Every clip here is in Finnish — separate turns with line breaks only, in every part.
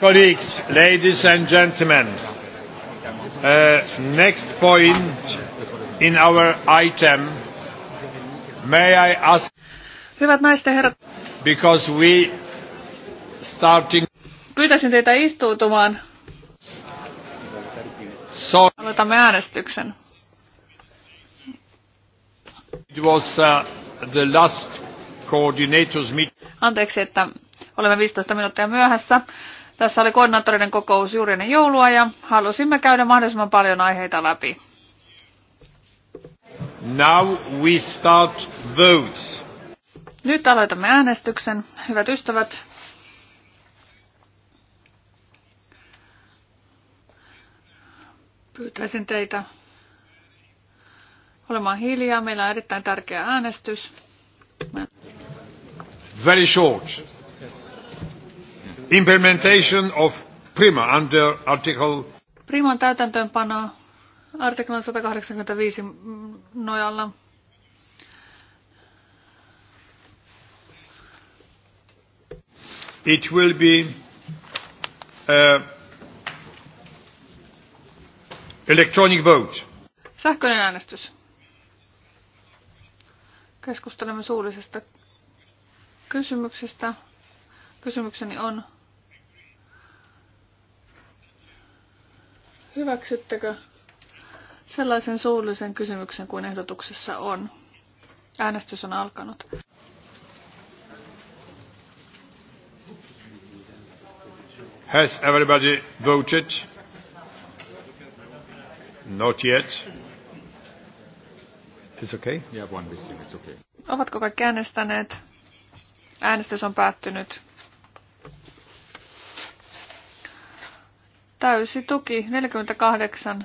colleagues, ladies and gentlemen, uh, next point in our item, may I ask... Hyvät naiset ja herrat, because we starting... pyytäisin teitä istuutumaan. So, Aloitamme äänestyksen. It was uh, the last coordinators meeting. Anteeksi, että olemme 15 minuuttia myöhässä. Tässä oli koordinaattorinen kokous juuri ennen joulua ja halusimme käydä mahdollisimman paljon aiheita läpi. Now we start votes. Nyt aloitamme äänestyksen. Hyvät ystävät, pyytäisin teitä olemaan hiljaa. Meillä on erittäin tärkeä äänestys. Very short. Implementation of Prima under article... Priman täytäntöönpano artiklan 185 nojalla. It will be uh, electronic vote. Sähköinen äänestys. Keskustelemme suullisesta kysymyksestä. Kysymykseni on, Hyväksyttekö sellaisen suullisen kysymyksen kuin ehdotuksessa on? Äänestys on alkanut. Has everybody voted? Not yet. It's okay. Yeah, one missing. It's okay. Ovatko kaikki äänestäneet? Äänestys on päättynyt. Täysi tuki 48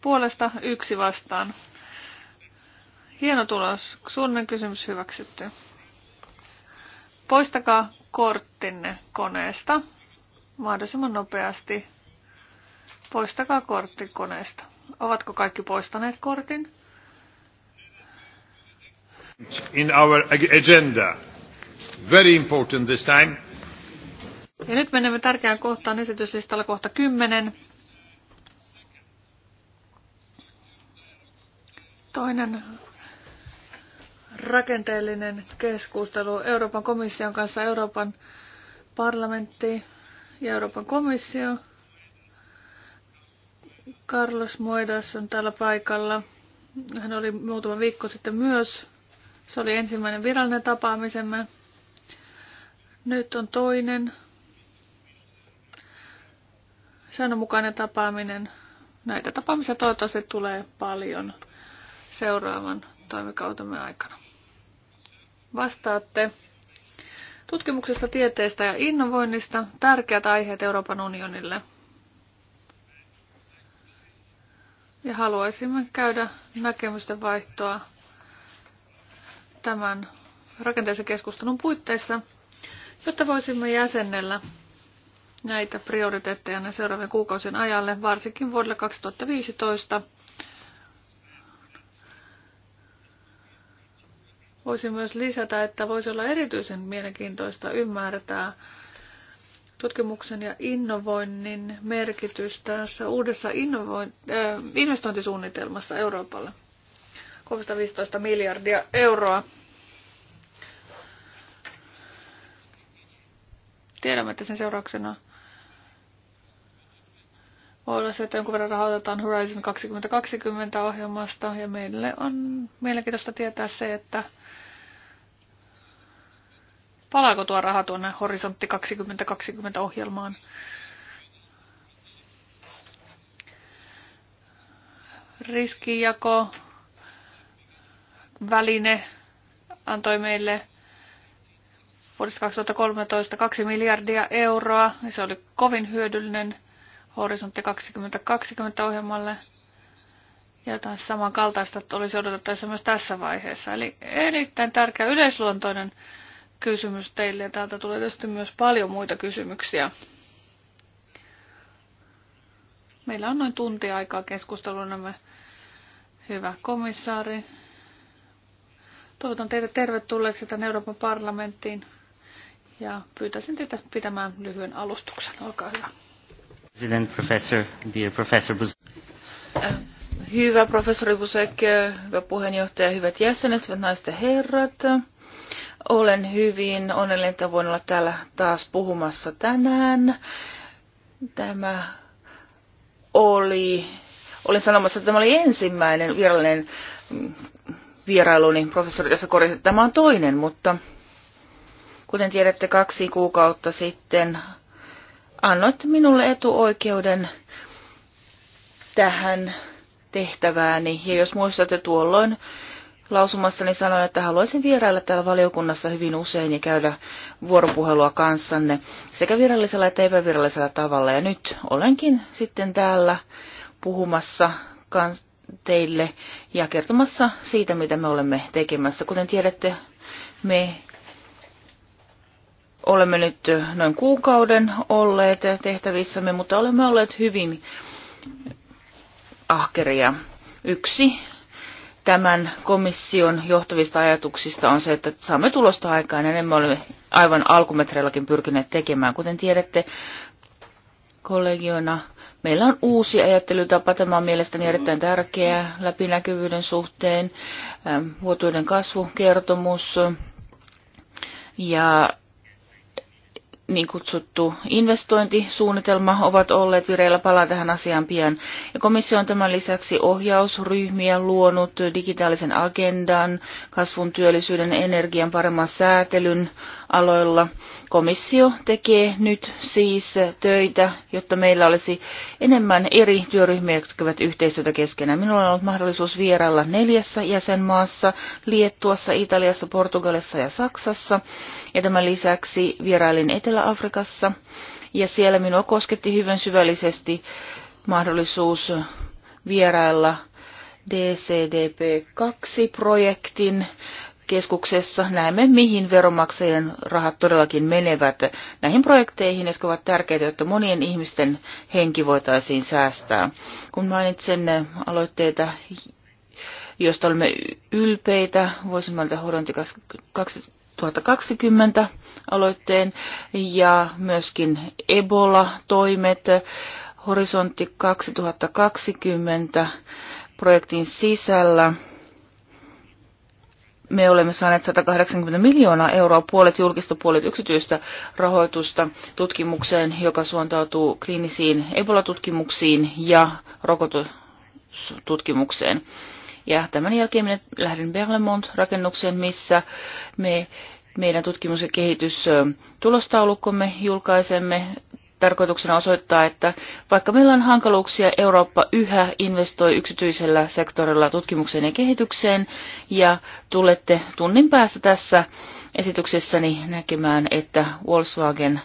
puolesta yksi vastaan. Hieno tulos. Suunnan kysymys hyväksytty. Poistakaa korttinne koneesta mahdollisimman nopeasti. Poistakaa kortti koneesta. Ovatko kaikki poistaneet kortin? In our agenda. Very important this time. Ja nyt menemme tärkeään kohtaan esityslistalla kohta 10. Toinen rakenteellinen keskustelu Euroopan komission kanssa Euroopan parlamentti ja Euroopan komissio. Carlos Moedas on täällä paikalla. Hän oli muutama viikko sitten myös. Se oli ensimmäinen virallinen tapaamisemme. Nyt on toinen säännönmukainen tapaaminen. Näitä tapaamisia toivottavasti tulee paljon seuraavan toimikautemme aikana. Vastaatte tutkimuksesta, tieteestä ja innovoinnista tärkeät aiheet Euroopan unionille. Ja haluaisimme käydä näkemysten vaihtoa tämän rakenteellisen keskustelun puitteissa, jotta voisimme jäsennellä näitä prioriteetteja ne seuraavien kuukausien ajalle, varsinkin vuodelle 2015. Voisin myös lisätä, että voisi olla erityisen mielenkiintoista ymmärtää tutkimuksen ja innovoinnin merkitys tässä uudessa innovo- äh, investointisuunnitelmassa Euroopalle. 315 miljardia euroa. Tiedämme, että sen seurauksena olla se, että jonkun verran rahoitetaan Horizon 2020 ohjelmasta ja meille on mielenkiintoista tietää se, että palaako tuo raha tuonne Horisontti 2020 ohjelmaan. Riskijako väline antoi meille vuodesta 2013 2 miljardia euroa. Se oli kovin hyödyllinen Horisontti 2020 ohjelmalle. Ja jotain samankaltaista olisi odotettavissa myös tässä vaiheessa. Eli erittäin tärkeä yleisluontoinen kysymys teille ja täältä tulee tietysti myös paljon muita kysymyksiä. Meillä on noin tunti aikaa keskustelunamme. Hyvä komissaari. Toivotan teidät tervetulleeksi tänne Euroopan parlamenttiin ja pyytäisin teitä pitämään lyhyen alustuksen. Olkaa hyvä.
President, professor,
dear professor Buzek.
Äh, hyvä professori Busek, äh, hyvä puheenjohtaja, hyvät jäsenet, hyvät naiset ja herrat. Olen hyvin onnellinen, että voin olla täällä taas puhumassa tänään. Tämä oli, olin sanomassa, että tämä oli ensimmäinen virallinen mm, vierailuni professori tässä korjasi, että tämä on toinen, mutta kuten tiedätte, kaksi kuukautta sitten annoitte minulle etuoikeuden tähän tehtävääni. Ja jos muistatte tuolloin lausumassani sanoin, että haluaisin vierailla täällä valiokunnassa hyvin usein ja käydä vuoropuhelua kanssanne sekä virallisella että epävirallisella tavalla. Ja nyt olenkin sitten täällä puhumassa teille ja kertomassa siitä, mitä me olemme tekemässä. Kuten tiedätte, me Olemme nyt eh, noin kuukauden olleet tehtävissämme, mutta olemme olleet hyvin ahkeria. Yksi tämän komission johtavista ajatuksista on se, että saamme tulosta aikaan ja me olemme aivan alkumetreillakin pyrkineet tekemään. Kuten tiedätte, kollegiona meillä on uusi ajattelytapa. Tämä on mielestäni erittäin tärkeä läpinäkyvyyden suhteen, vuotuinen kasvukertomus ja niin kutsuttu investointisuunnitelma ovat olleet vireillä. Palaan tähän asiaan pian. Ja komissio on tämän lisäksi ohjausryhmiä luonut digitaalisen agendan, kasvun, työllisyyden, energian, paremman säätelyn aloilla. Komissio tekee nyt siis töitä, jotta meillä olisi enemmän eri työryhmiä, jotka ovat yhteistyötä keskenään. Minulla on ollut mahdollisuus vierailla neljässä jäsenmaassa, Liettuassa, Italiassa, Portugalissa ja Saksassa. Ja tämän lisäksi vierailin Etelä-Afrikassa. Ja siellä minua kosketti hyvin syvällisesti mahdollisuus vierailla DCDP2-projektin keskuksessa näemme, mihin veronmaksajien rahat todellakin menevät näihin projekteihin, jotka ovat tärkeitä, jotta monien ihmisten henki voitaisiin säästää. Kun mainitsen aloitteita, joista olemme ylpeitä, mainita Horonti 2020 aloitteen ja myöskin Ebola-toimet, Horisontti 2020 projektin sisällä me olemme saaneet 180 miljoonaa euroa, puolet julkista, puolet yksityistä rahoitusta tutkimukseen, joka suuntautuu kliinisiin Ebola-tutkimuksiin ja rokotustutkimukseen. Ja tämän jälkeen minä lähden Berlemont-rakennukseen, missä me meidän tutkimus- ja kehitystulostaulukkomme julkaisemme tarkoituksena osoittaa, että vaikka meillä on hankaluuksia, Eurooppa yhä investoi yksityisellä sektorilla tutkimukseen ja kehitykseen, ja tulette tunnin päästä tässä esityksessäni näkemään, että Volkswagen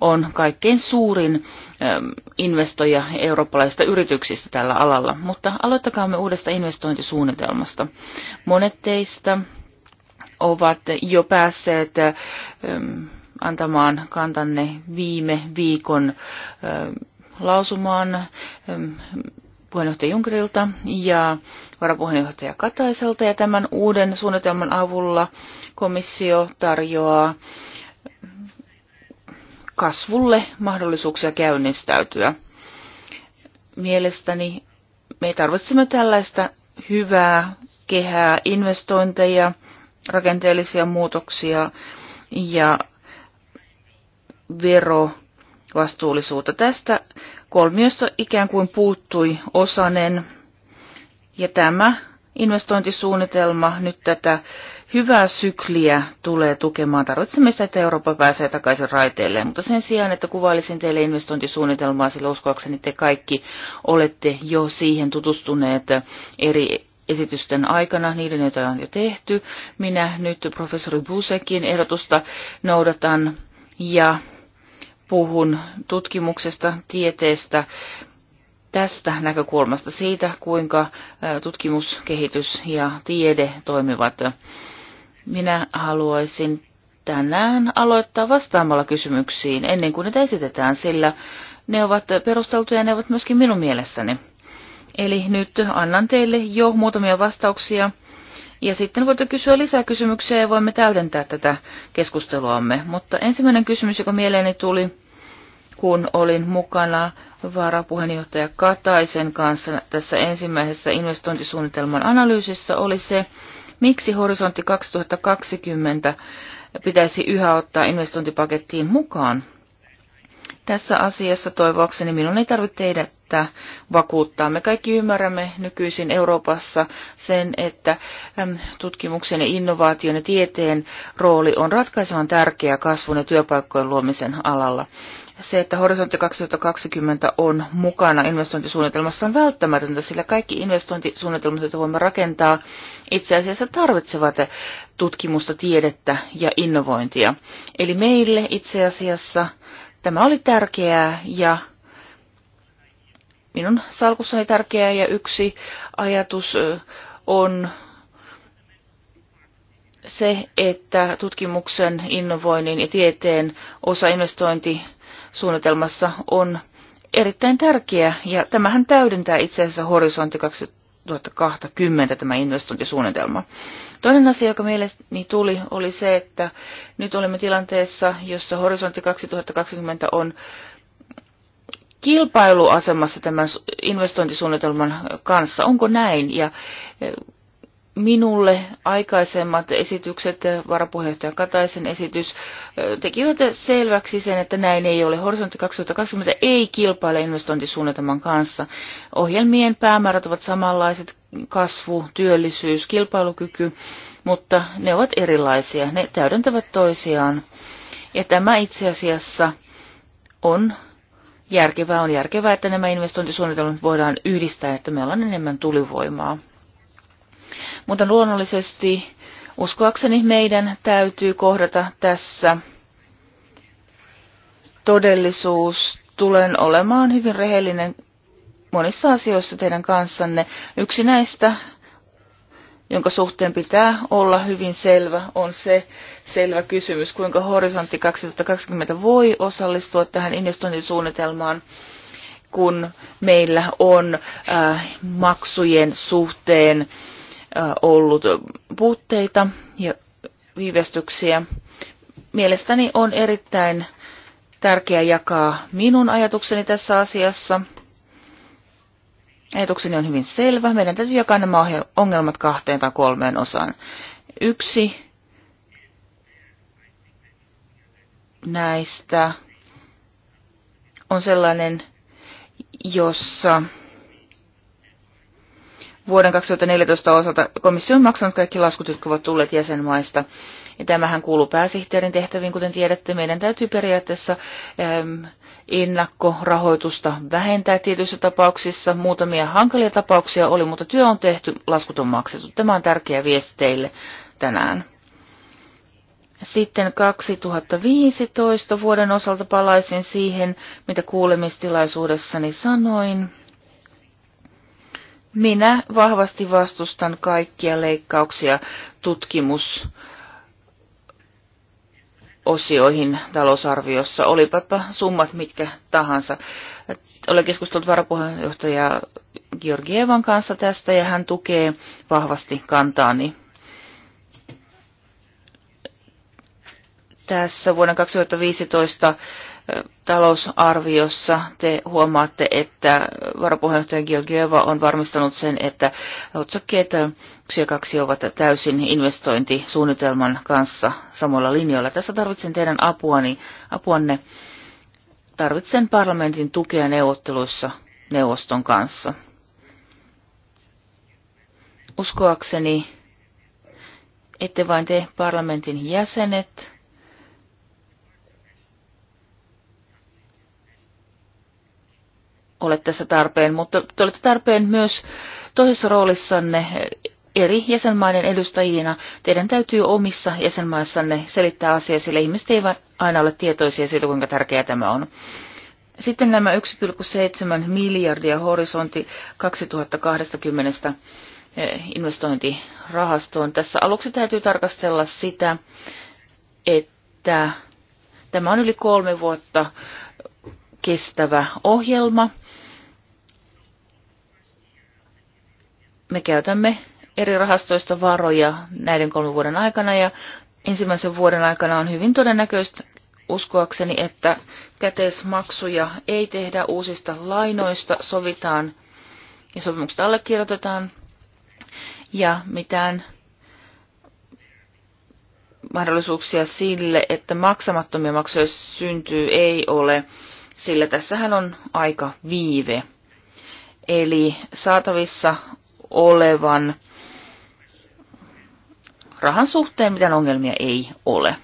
on kaikkein suurin ähm, investoija eurooppalaisista yrityksistä tällä alalla. Mutta aloittakaa me uudesta investointisuunnitelmasta. Monet teistä ovat jo päässeet ähm, antamaan kantanne viime viikon lausumaan puheenjohtaja Junkerilta ja varapuheenjohtaja Kataiselta. Ja tämän uuden suunnitelman avulla komissio tarjoaa kasvulle mahdollisuuksia käynnistäytyä. Mielestäni me tarvitsemme tällaista hyvää kehää, investointeja, rakenteellisia muutoksia ja vero vastuullisuutta. Tästä kolmiossa ikään kuin puuttui osanen ja tämä investointisuunnitelma nyt tätä hyvää sykliä tulee tukemaan. Tarvitsemme sitä, että Eurooppa pääsee takaisin raiteilleen, mutta sen sijaan, että kuvailisin teille investointisuunnitelmaa, sillä uskoakseni te kaikki olette jo siihen tutustuneet eri esitysten aikana, niiden joita on jo tehty. Minä nyt professori Busekin ehdotusta noudatan ja puhun tutkimuksesta, tieteestä, tästä näkökulmasta siitä, kuinka tutkimus, kehitys ja tiede toimivat. Minä haluaisin tänään aloittaa vastaamalla kysymyksiin ennen kuin niitä esitetään, sillä ne ovat perusteltuja ja ne ovat myöskin minun mielessäni. Eli nyt annan teille jo muutamia vastauksia ja sitten voitte kysyä lisää kysymyksiä ja voimme täydentää tätä keskusteluamme. Mutta ensimmäinen kysymys, joka mieleeni tuli, kun olin mukana varapuheenjohtaja Kataisen kanssa tässä ensimmäisessä investointisuunnitelman analyysissä, oli se, miksi horisontti 2020 pitäisi yhä ottaa investointipakettiin mukaan tässä asiassa toivoakseni minun ei tarvitse tehdä että vakuuttaa. Me kaikki ymmärrämme nykyisin Euroopassa sen, että tutkimuksen ja innovaation ja tieteen rooli on ratkaisevan tärkeä kasvun ja työpaikkojen luomisen alalla. Se, että Horisontti 2020 on mukana investointisuunnitelmassa on välttämätöntä, sillä kaikki investointisuunnitelmat, joita voimme rakentaa, itse asiassa tarvitsevat tutkimusta, tiedettä ja innovointia. Eli meille itse asiassa Tämä oli tärkeää ja minun salkussani tärkeää ja yksi ajatus on se, että tutkimuksen, innovoinnin ja tieteen osa investointisuunnitelmassa on erittäin tärkeä ja tämähän täydentää itse asiassa horisontti 2020 2020 tämä investointisuunnitelma. Toinen asia, joka mielestäni tuli, oli se, että nyt olemme tilanteessa, jossa horisontti 2020 on kilpailuasemassa tämän investointisuunnitelman kanssa. Onko näin? Ja minulle aikaisemmat esitykset, varapuheenjohtaja Kataisen esitys, tekivät selväksi sen, että näin ei ole. Horisontti 2020 ei kilpaile investointisuunnitelman kanssa. Ohjelmien päämäärät ovat samanlaiset, kasvu, työllisyys, kilpailukyky, mutta ne ovat erilaisia. Ne täydentävät toisiaan. Ja tämä itse asiassa on järkevää. On järkevää, että nämä investointisuunnitelmat voidaan yhdistää, että meillä on enemmän tulivoimaa. Mutta luonnollisesti uskoakseni meidän täytyy kohdata tässä todellisuus. Tulen olemaan hyvin rehellinen monissa asioissa teidän kanssanne. Yksi näistä, jonka suhteen pitää olla hyvin selvä, on se selvä kysymys, kuinka Horisontti 2020 voi osallistua tähän investointisuunnitelmaan, kun meillä on äh, maksujen suhteen äh, ollut puutteita ja viivästyksiä. Mielestäni on erittäin tärkeää jakaa minun ajatukseni tässä asiassa. Ajatukseni on hyvin selvä. Meidän täytyy jakaa nämä ongelmat kahteen tai kolmeen osaan. Yksi näistä on sellainen, jossa vuoden 2014 osalta komissio on maksanut kaikki laskut, jotka ovat tulleet jäsenmaista. Ja tämähän kuuluu pääsihteerin tehtäviin, kuten tiedätte. Meidän täytyy periaatteessa äm, ennakkorahoitusta vähentää tietyissä tapauksissa. Muutamia hankalia tapauksia oli, mutta työ on tehty, laskut on maksettu. Tämä on tärkeä viesti teille tänään. Sitten 2015 vuoden osalta palaisin siihen, mitä kuulemistilaisuudessani sanoin. Minä vahvasti vastustan kaikkia leikkauksia tutkimus osioihin talousarviossa, olipa summat mitkä tahansa. Olen keskustellut varapuheenjohtaja Georgievan kanssa tästä ja hän tukee vahvasti kantaani. Tässä vuoden 2015 talousarviossa te huomaatte, että varapuheenjohtaja Georgieva on varmistanut sen, että otsakkeet 1 ja 2 ovat täysin investointisuunnitelman kanssa samalla linjoilla. Tässä tarvitsen teidän apuani, apuanne. Tarvitsen parlamentin tukea neuvotteluissa neuvoston kanssa. Uskoakseni ette vain te parlamentin jäsenet, ole tässä tarpeen, mutta te olette tarpeen myös toisessa roolissanne eri jäsenmaiden edustajina. Teidän täytyy omissa jäsenmaissanne selittää asiaa, sillä ihmiset eivät aina ole tietoisia siitä, kuinka tärkeää tämä on. Sitten nämä 1,7 miljardia horisontti 2020 eh, investointirahastoon. Tässä aluksi täytyy tarkastella sitä, että tämä on yli kolme vuotta kestävä ohjelma. Me käytämme eri rahastoista varoja näiden kolmen vuoden aikana ja ensimmäisen vuoden aikana on hyvin todennäköistä uskoakseni, että käteismaksuja ei tehdä uusista lainoista, sovitaan ja sopimukset allekirjoitetaan ja mitään mahdollisuuksia sille, että maksamattomia maksuja syntyy, ei ole sillä tässähän on aika viive. Eli saatavissa olevan rahan suhteen mitään ongelmia ei ole.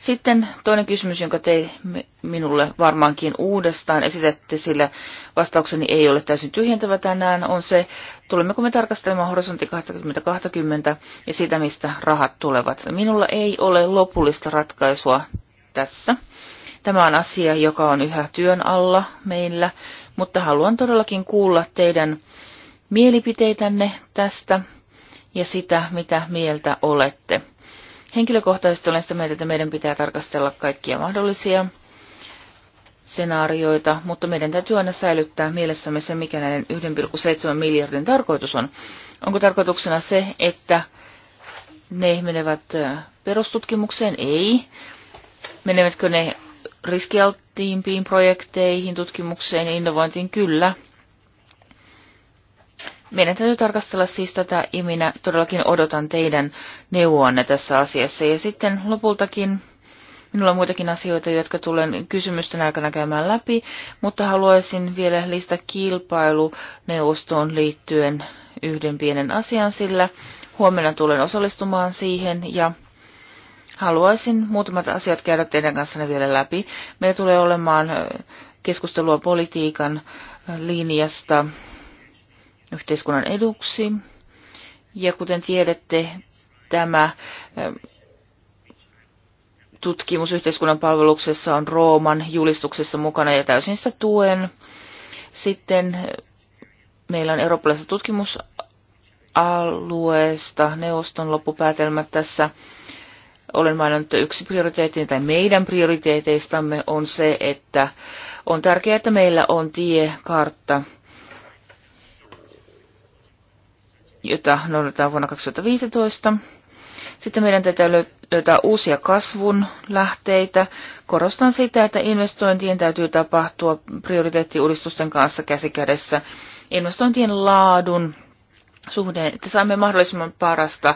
Sitten toinen kysymys, jonka te minulle varmaankin uudestaan esitätte, sillä vastaukseni ei ole täysin tyhjentävä tänään, on se, tulemmeko me tarkastelemaan horisontti 2020 ja sitä, mistä rahat tulevat. Minulla ei ole lopullista ratkaisua tässä. Tämä on asia, joka on yhä työn alla meillä, mutta haluan todellakin kuulla teidän mielipiteitänne tästä ja sitä, mitä mieltä olette. Henkilökohtaisesti olen sitä mieltä, että meidän pitää tarkastella kaikkia mahdollisia skenaarioita, mutta meidän täytyy aina säilyttää mielessämme se, mikä näiden 1,7 miljardin tarkoitus on. Onko tarkoituksena se, että ne menevät perustutkimukseen? Ei. Menevätkö ne riskialttiimpiin projekteihin, tutkimukseen ja innovointiin kyllä. Meidän täytyy tarkastella siis tätä ja minä todellakin odotan teidän neuvoanne tässä asiassa. Ja sitten lopultakin minulla on muitakin asioita, jotka tulen kysymysten aikana käymään läpi, mutta haluaisin vielä listata kilpailuneuvostoon liittyen yhden pienen asian, sillä huomenna tulen osallistumaan siihen ja haluaisin muutamat asiat käydä teidän kanssanne vielä läpi. Meillä tulee olemaan keskustelua politiikan linjasta yhteiskunnan eduksi. Ja kuten tiedätte, tämä tutkimus yhteiskunnan palveluksessa on Rooman julistuksessa mukana ja täysin sitä tuen. Sitten meillä on eurooppalaisesta tutkimusalueesta neuvoston loppupäätelmät tässä olen maininnut, että yksi prioriteetti tai meidän prioriteeteistamme on se, että on tärkeää, että meillä on tiekartta, jota noudatetaan vuonna 2015. Sitten meidän täytyy löytää uusia kasvun lähteitä. Korostan sitä, että investointien täytyy tapahtua prioriteettiuudistusten kanssa käsikädessä. Investointien laadun suhde, että saamme mahdollisimman parasta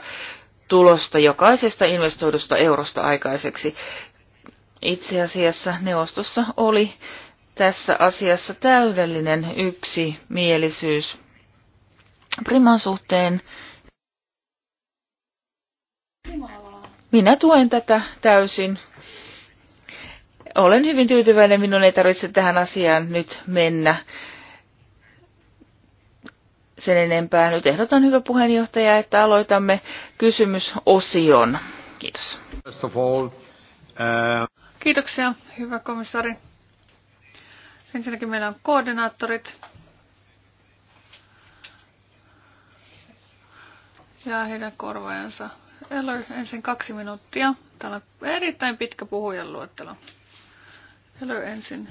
tulosta jokaisesta investoidusta eurosta aikaiseksi. Itse asiassa neuvostossa oli tässä asiassa täydellinen yksimielisyys priman suhteen. Minä tuen tätä täysin. Olen hyvin tyytyväinen, minun ei tarvitse tähän asiaan nyt mennä sen enempää. Nyt ehdotan hyvä puheenjohtaja, että aloitamme kysymysosion. Kiitos. Uh, Kiitoksia,
hyvä komissari. Ensinnäkin meillä on koordinaattorit. Ja heidän korvaajansa. Eloi ensin kaksi minuuttia. Täällä on erittäin pitkä puhujan luettelo. Eloi ensin.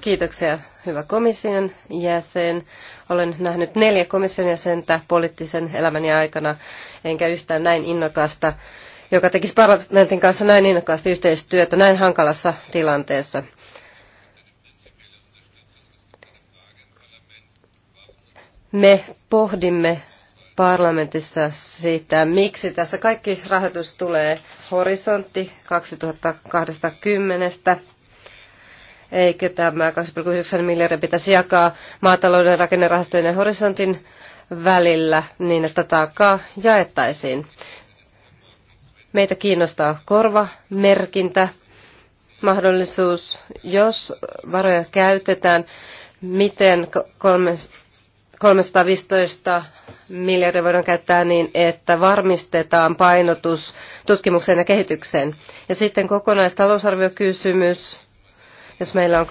Kiitoksia, hyvä komission jäsen. Olen nähnyt neljä komission jäsentä poliittisen elämäni aikana, enkä yhtään näin innokasta, joka tekisi parlamentin kanssa näin innokkaasti yhteistyötä näin hankalassa tilanteessa. Me pohdimme parlamentissa siitä, miksi tässä kaikki rahoitus tulee horisontti 2020 Eikö tämä 2,9 miljardia pitäisi jakaa maatalouden rakennerahastojen ja horisontin välillä niin, että taakkaa jaettaisiin? Meitä kiinnostaa korva, merkintä, mahdollisuus, jos varoja käytetään, miten 315 miljardia voidaan käyttää niin, että varmistetaan painotus tutkimukseen ja kehitykseen. Ja sitten kokonaistalousarviokysymys. Jos meillä on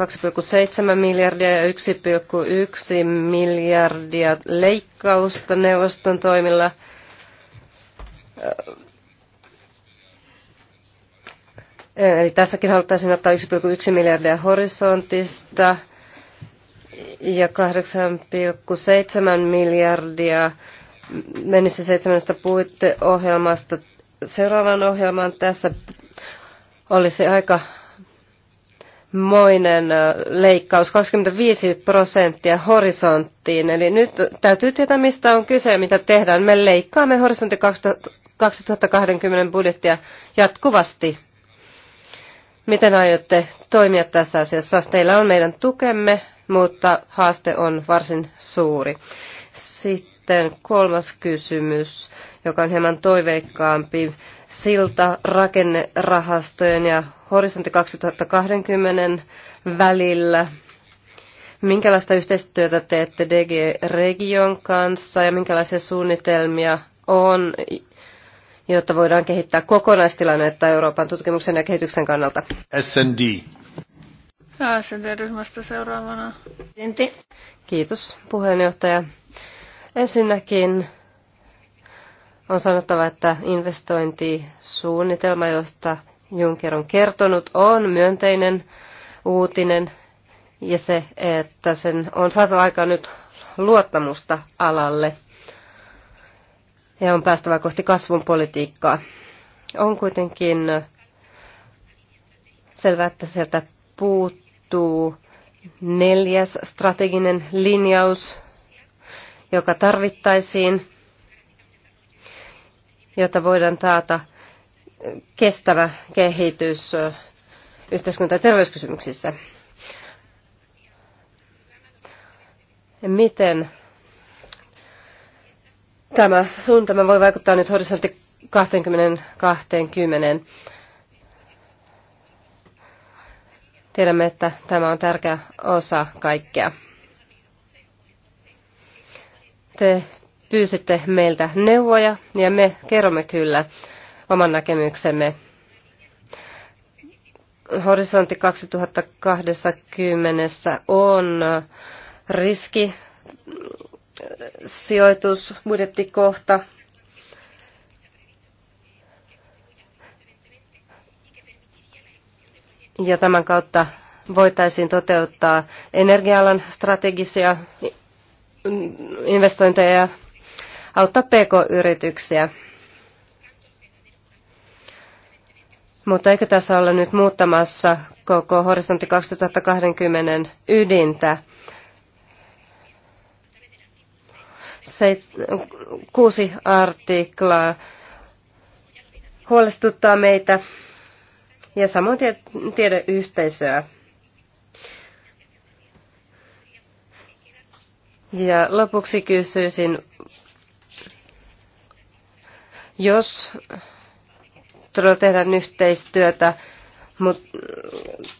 2,7 miljardia ja 1,1 miljardia leikkausta neuvoston toimilla, Eli tässäkin haluttaisiin ottaa 1,1 miljardia horisontista ja 8,7 miljardia mennessä seitsemästä puitteohjelmasta seuraavaan ohjelmaan. Tässä olisi aika moinen leikkaus, 25 prosenttia horisonttiin. Eli nyt täytyy tietää, mistä on kyse ja mitä tehdään. Me leikkaamme horisontti 2020 budjettia jatkuvasti. Miten aiotte toimia tässä asiassa? Teillä on meidän tukemme, mutta haaste on varsin suuri. Sitten kolmas kysymys, joka on hieman toiveikkaampi. Silta, rakennerahastojen ja horisontti 2020 välillä. Minkälaista yhteistyötä teette DG Region kanssa ja minkälaisia suunnitelmia on, jotta voidaan kehittää kokonaistilannetta Euroopan tutkimuksen ja kehityksen kannalta?
SND. SND-ryhmästä seuraavana. Enti.
Kiitos puheenjohtaja. Ensinnäkin on sanottava, että investointisuunnitelma, josta Juncker on kertonut, on myönteinen uutinen ja se, että sen on saatu aika nyt luottamusta alalle ja on päästävä kohti kasvun politiikkaa. On kuitenkin selvää, että sieltä puuttuu neljäs strateginen linjaus, joka tarvittaisiin, jota voidaan taata kestävä kehitys yhteiskunta- ja terveyskysymyksissä. Miten tämä suuntama voi vaikuttaa nyt horisontti 20-20? Tiedämme, että tämä on tärkeä osa kaikkea. Te pyysitte meiltä neuvoja ja me kerromme kyllä oman näkemyksemme. Horisontti 2020 on riski budjettikohta. ja tämän kautta voitaisiin toteuttaa energialan strategisia investointeja ja auttaa pk-yrityksiä. Mutta eikö tässä olla nyt muuttamassa koko horisontti 2020 ydintä? Seit, kuusi artiklaa huolestuttaa meitä ja samoin tie, tiedeyhteisöä. Ja lopuksi kysyisin, jos todella tehdään yhteistyötä, mutta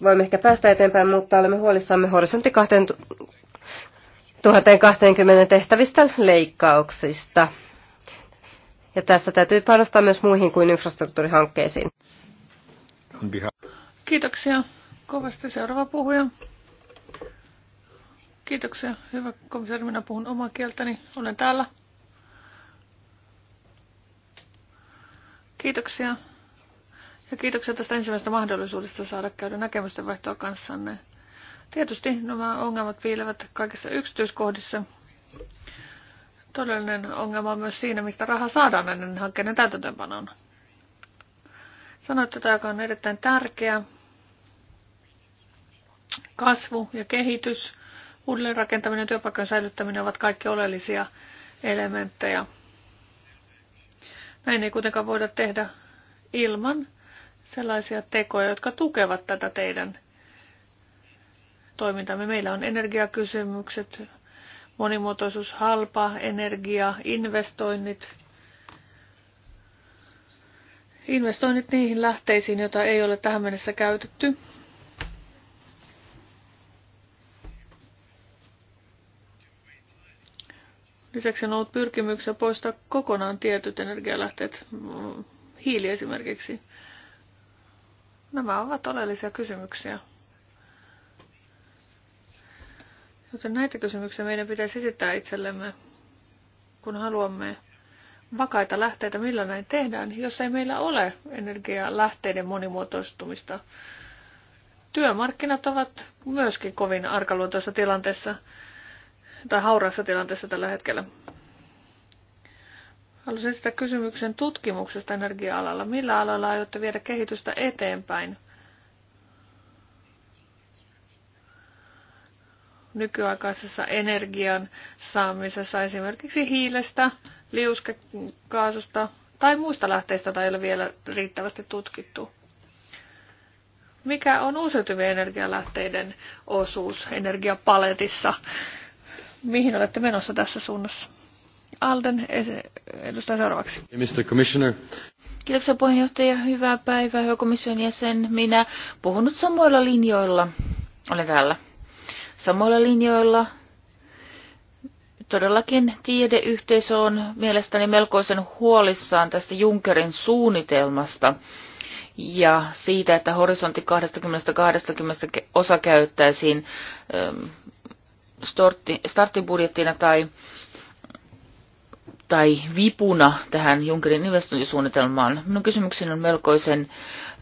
voimme ehkä päästä eteenpäin, mutta olemme huolissamme horisontti 2020 tehtävistä leikkauksista. Ja tässä täytyy panostaa myös muihin kuin infrastruktuurihankkeisiin.
Kiitoksia kovasti. Seuraava puhuja. Kiitoksia. Hyvä komissaari, minä puhun omaa kieltäni. Olen täällä. Kiitoksia ja kiitoksia tästä ensimmäisestä mahdollisuudesta saada käydä näkemysten vaihtoa kanssanne. Tietysti nämä ongelmat piilevät kaikissa yksityiskohdissa. Todellinen ongelma on myös siinä, mistä raha saadaan näiden hankkeiden täytäntöönpanoon. Sanoit että tämä on erittäin tärkeä. Kasvu ja kehitys, uudelleenrakentaminen ja työpaikkojen säilyttäminen ovat kaikki oleellisia elementtejä. Näin ei kuitenkaan voida tehdä ilman sellaisia tekoja, jotka tukevat tätä teidän toimintamme. Meillä on energiakysymykset, monimuotoisuus, halpa energia, investoinnit, investoinnit niihin lähteisiin, joita ei ole tähän mennessä käytetty. Lisäksi on ollut pyrkimyksiä poistaa kokonaan tietyt energialähteet, hiili esimerkiksi. Nämä ovat oleellisia kysymyksiä. Joten näitä kysymyksiä meidän pitäisi esittää itsellemme, kun haluamme vakaita lähteitä, millä näin tehdään, jos ei meillä ole energiaa lähteiden monimuotoistumista. Työmarkkinat ovat myöskin kovin arkaluontoisessa tilanteessa tai hauraassa tilanteessa tällä hetkellä. Haluaisin sitä kysymyksen tutkimuksesta energia-alalla. Millä alalla aiotte viedä kehitystä eteenpäin? nykyaikaisessa energian saamisessa esimerkiksi hiilestä, liuskekaasusta tai muista lähteistä, joita ei ole vielä riittävästi tutkittu. Mikä on uusiutuvien energialähteiden osuus energiapaletissa? Mihin olette menossa tässä suunnassa? Alden edustaa seuraavaksi. Mr. Commissioner.
Kiitoksia puheenjohtaja. Hyvää päivää, hyvä komission jäsen. Minä puhun nyt samoilla linjoilla. Olen täällä. Samoilla linjoilla. Todellakin tiedeyhteisö on mielestäni melkoisen huolissaan tästä Junkerin suunnitelmasta ja siitä, että horisontti 20-20 osa käyttäisiin ehm, starttibudjettina tai tai vipuna tähän Junckerin investointisuunnitelmaan. Minun kysymykseni on melkoisen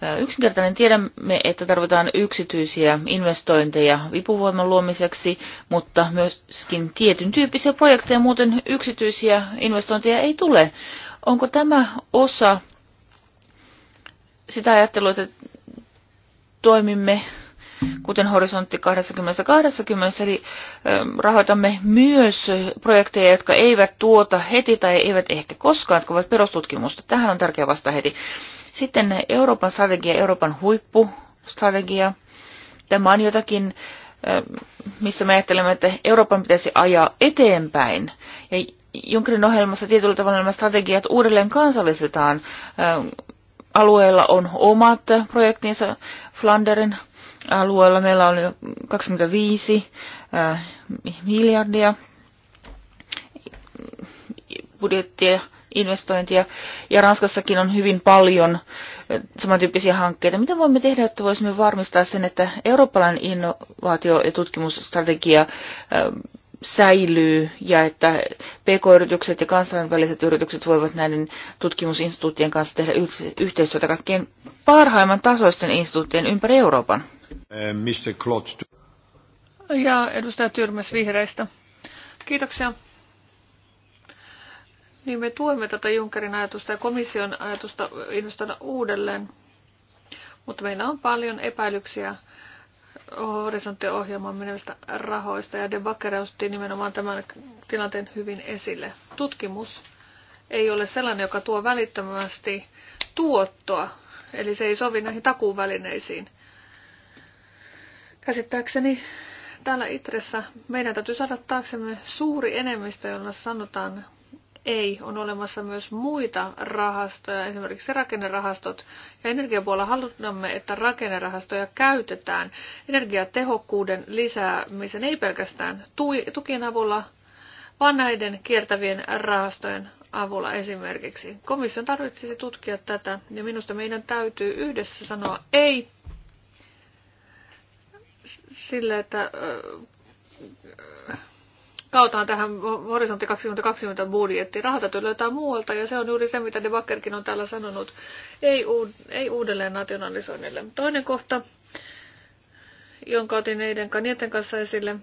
äh, yksinkertainen. Tiedämme, että tarvitaan yksityisiä investointeja vipuvoiman luomiseksi, mutta myöskin tietyn tyyppisiä projekteja, muuten yksityisiä investointeja ei tule. Onko tämä osa sitä ajattelua, että toimimme kuten Horisontti 2020, eli ähm, rahoitamme myös projekteja, jotka eivät tuota heti tai eivät ehkä koskaan, jotka ovat perustutkimusta. Tähän on tärkeä vasta heti. Sitten Euroopan strategia, Euroopan huippustrategia. Tämä on jotakin, ähm, missä me ajattelemme, että Euroopan pitäisi ajaa eteenpäin. Ja Junckerin ohjelmassa tietyllä tavalla nämä strategiat uudelleen kansallistetaan ähm, alueella on omat projektinsa. Flanderin alueella. Meillä oli 25 äh, miljardia budjettia, investointia, ja Ranskassakin on hyvin paljon äh, samantyyppisiä hankkeita. Mitä voimme tehdä, että voisimme varmistaa sen, että eurooppalainen innovaatio- ja tutkimusstrategia äh, säilyy ja että PK-yritykset ja kansainväliset yritykset voivat näiden tutkimusinstituuttien kanssa tehdä yhteistyötä kaikkien parhaimman tasoisten instituuttien ympäri Euroopan? Eh, Mr. Klotz.
Ja edustaja Tyrmäs vihreistä. Kiitoksia. Niin me tuemme tätä Junckerin ajatusta ja komission ajatusta investoida uudelleen, mutta meillä on paljon epäilyksiä horisonttiohjelmaan menevistä rahoista ja Backer osti nimenomaan tämän tilanteen hyvin esille. Tutkimus ei ole sellainen, joka tuo välittömästi tuottoa, eli se ei sovi näihin takuuvälineisiin. Käsittääkseni täällä Itressä meidän täytyy saada taaksemme suuri enemmistö, jolla sanotaan ei. On olemassa myös muita rahastoja, esimerkiksi rakennerahastot. Ja energiapuolella haluamme, että rakennerahastoja käytetään energiatehokkuuden lisäämisen, ei pelkästään tukien avulla, vaan näiden kiertävien rahastojen avulla esimerkiksi. Komission tarvitsisi tutkia tätä ja minusta meidän täytyy yhdessä sanoa ei sille, että kautaan tähän Horisontti 2020 budjettiin. Rahat täytyy löytää muualta ja se on juuri se, mitä De Bakkerkin on täällä sanonut. Ei, uud- ei uudelleen nationalisoinnille. Toinen kohta, jonka otin Eiden Kanieten kanssa esille.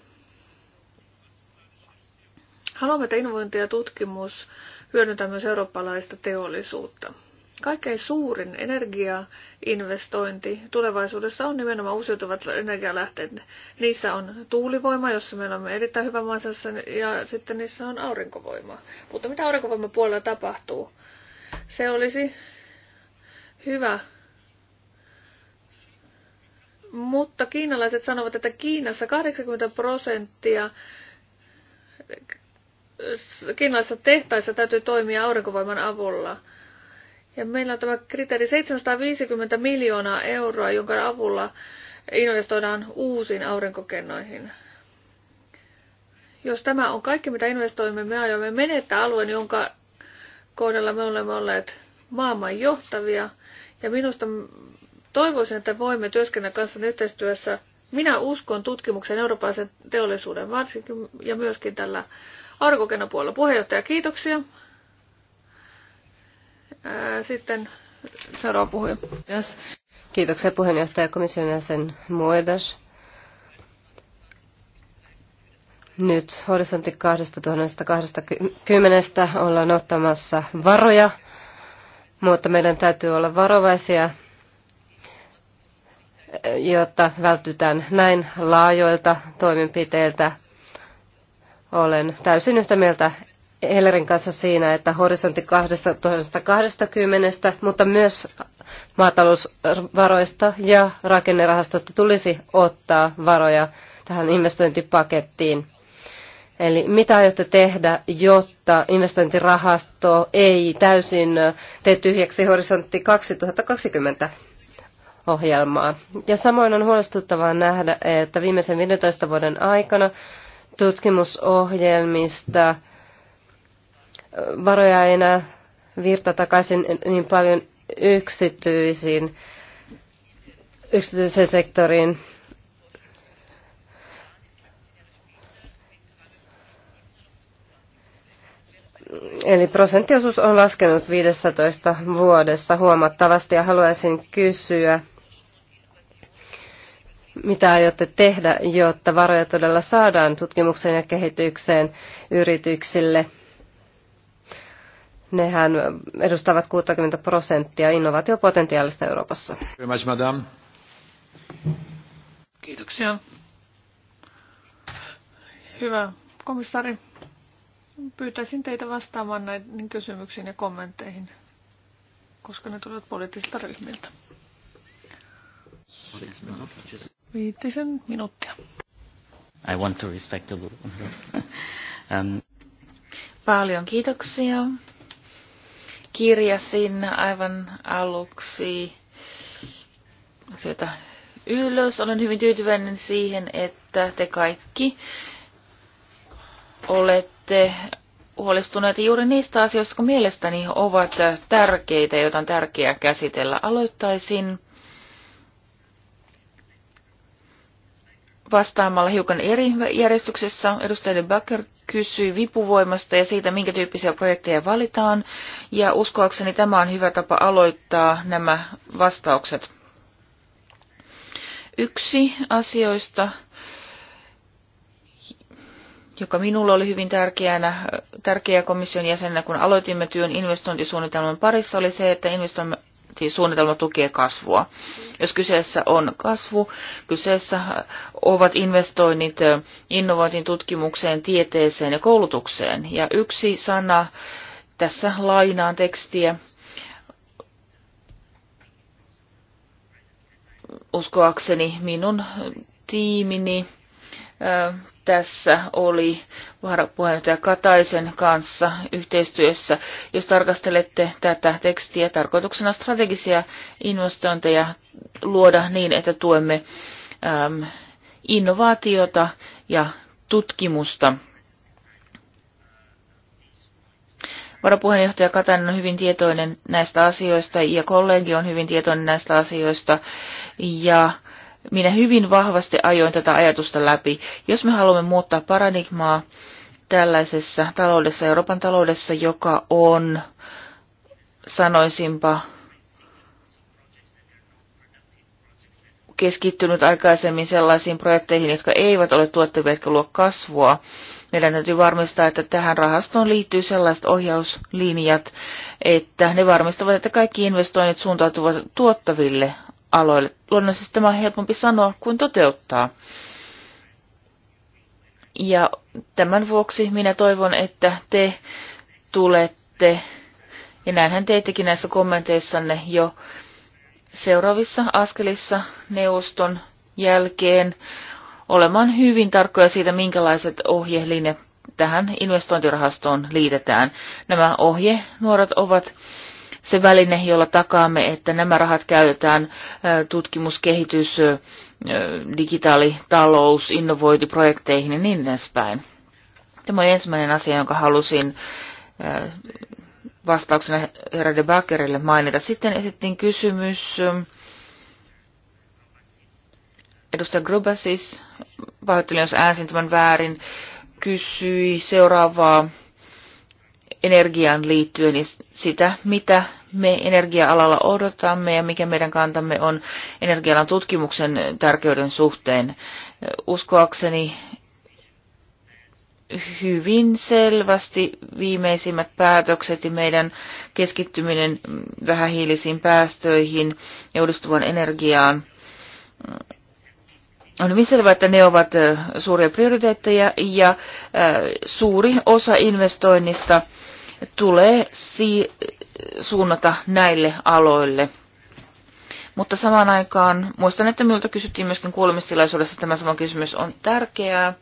Haluamme, että innovointi ja tutkimus hyödyntää myös eurooppalaista teollisuutta. Kaikkein suurin energiainvestointi tulevaisuudessa on nimenomaan uusiutuvat energialähteet. Niissä on tuulivoima, jossa meillä on erittäin hyvä maasassa, ja sitten niissä on aurinkovoima. Mutta mitä aurinkovoima puolella tapahtuu? Se olisi hyvä mutta kiinalaiset sanovat, että Kiinassa 80 prosenttia kiinalaisissa tehtaissa täytyy toimia aurinkovoiman avulla. Ja meillä on tämä kriteeri 750 miljoonaa euroa, jonka avulla investoidaan uusiin aurinkokennoihin. Jos tämä on kaikki, mitä investoimme, me aiomme menettää alueen, jonka kohdalla me olemme olleet maailman johtavia. Ja minusta toivoisin, että voimme työskennellä kanssa yhteistyössä. Minä uskon tutkimuksen eurooppalaisen teollisuuden varsinkin ja myöskin tällä aurinkokennopuolella. Puheenjohtaja, kiitoksia. Sitten
seuraava puhuja. Yes. Kiitoksia puheenjohtaja komission jäsen Moedas. Nyt horisontti 2020 ollaan ottamassa varoja, mutta meidän täytyy olla varovaisia, jotta vältytään näin laajoilta toimenpiteiltä. Olen täysin yhtä mieltä Hellerin kanssa siinä, että horisontti 2020, mutta myös maatalousvaroista ja rakennerahastosta tulisi ottaa varoja tähän investointipakettiin. Eli mitä aiotte tehdä, jotta investointirahasto ei täysin tee tyhjäksi horisontti 2020 ohjelmaa? Ja samoin on huolestuttavaa nähdä, että viimeisen 15 vuoden aikana tutkimusohjelmista varoja ei enää virta takaisin niin paljon yksityisiin, yksityisen sektoriin. Eli prosenttiosuus on laskenut 15 vuodessa huomattavasti ja haluaisin kysyä, mitä aiotte tehdä, jotta varoja todella saadaan tutkimukseen ja kehitykseen yrityksille – Nehän edustavat 60 prosenttia innovaatiopotentiaalista Euroopassa.
Kiitoksia. Hyvä komissaari. Pyytäisin teitä vastaamaan näihin kysymyksiin ja kommentteihin, koska ne tulevat poliittisilta ryhmiltä. Viitisen minuuttia. I want to respect the um.
Paljon kiitoksia kirjasin aivan aluksi Sieltä ylös. Olen hyvin tyytyväinen siihen, että te kaikki olette huolestuneita juuri niistä asioista, jotka mielestäni ovat tärkeitä, joita on tärkeää käsitellä. Aloittaisin vastaamalla hiukan eri järjestyksessä. Edustaja De Backer kysyi vipuvoimasta ja siitä, minkä tyyppisiä projekteja valitaan. Ja uskoakseni tämä on hyvä tapa aloittaa nämä vastaukset. Yksi asioista, joka minulle oli hyvin tärkeänä, tärkeä komission jäsenenä, kun aloitimme työn investointisuunnitelman parissa, oli se, että investoimme siis suunnitelma tukee kasvua. Jos kyseessä on kasvu, kyseessä ovat investoinnit innovointiin, tutkimukseen, tieteeseen ja koulutukseen. Ja yksi sana, tässä lainaan tekstiä, uskoakseni minun tiimini tässä oli varapuheenjohtaja Kataisen kanssa yhteistyössä. Jos tarkastelette tätä tekstiä tarkoituksena strategisia investointeja luoda niin, että tuemme äm, innovaatiota ja tutkimusta. Varapuheenjohtaja Katainen on hyvin tietoinen näistä asioista ja kollegi on hyvin tietoinen näistä asioista ja minä hyvin vahvasti ajoin tätä ajatusta läpi. Jos me haluamme muuttaa paradigmaa tällaisessa taloudessa, Euroopan taloudessa, joka on, sanoisinpa, keskittynyt aikaisemmin sellaisiin projekteihin, jotka eivät ole tuottavia, jotka luo kasvua. Meidän täytyy varmistaa, että tähän rahastoon liittyy sellaiset ohjauslinjat, että ne varmistavat, että kaikki investoinnit suuntautuvat tuottaville aloille. Luonnollisesti tämä on helpompi sanoa kuin toteuttaa. Ja tämän vuoksi minä toivon, että te tulette, ja näinhän teittekin näissä kommenteissanne jo seuraavissa askelissa neuvoston jälkeen, olemaan hyvin tarkkoja siitä, minkälaiset ohjelinjat tähän investointirahastoon liitetään. Nämä ohjenuorat ovat se väline, jolla takaamme, että nämä rahat käytetään tutkimus, kehitys, digitaalitalous, innovointiprojekteihin ja niin edespäin. Tämä on ensimmäinen asia, jonka halusin vastauksena herra de Backerille mainita. Sitten esittiin kysymys edustaja Grubasis, pahoittelen jos äänsin tämän väärin, kysyi seuraavaa energiaan liittyen niin sitä, mitä me energia-alalla odotamme ja mikä meidän kantamme on energia tutkimuksen tärkeyden suhteen. Uskoakseni hyvin selvästi viimeisimmät päätökset ja meidän keskittyminen vähähiilisiin päästöihin ja uudistuvan energiaan on hyvin selvää, että ne ovat äh, suuria prioriteetteja ja äh, suuri osa investoinnista tulee si- suunnata näille aloille. Mutta samaan aikaan, muistan, että minulta kysyttiin myöskin kuulemistilaisuudessa tämä sama kysymys on tärkeää.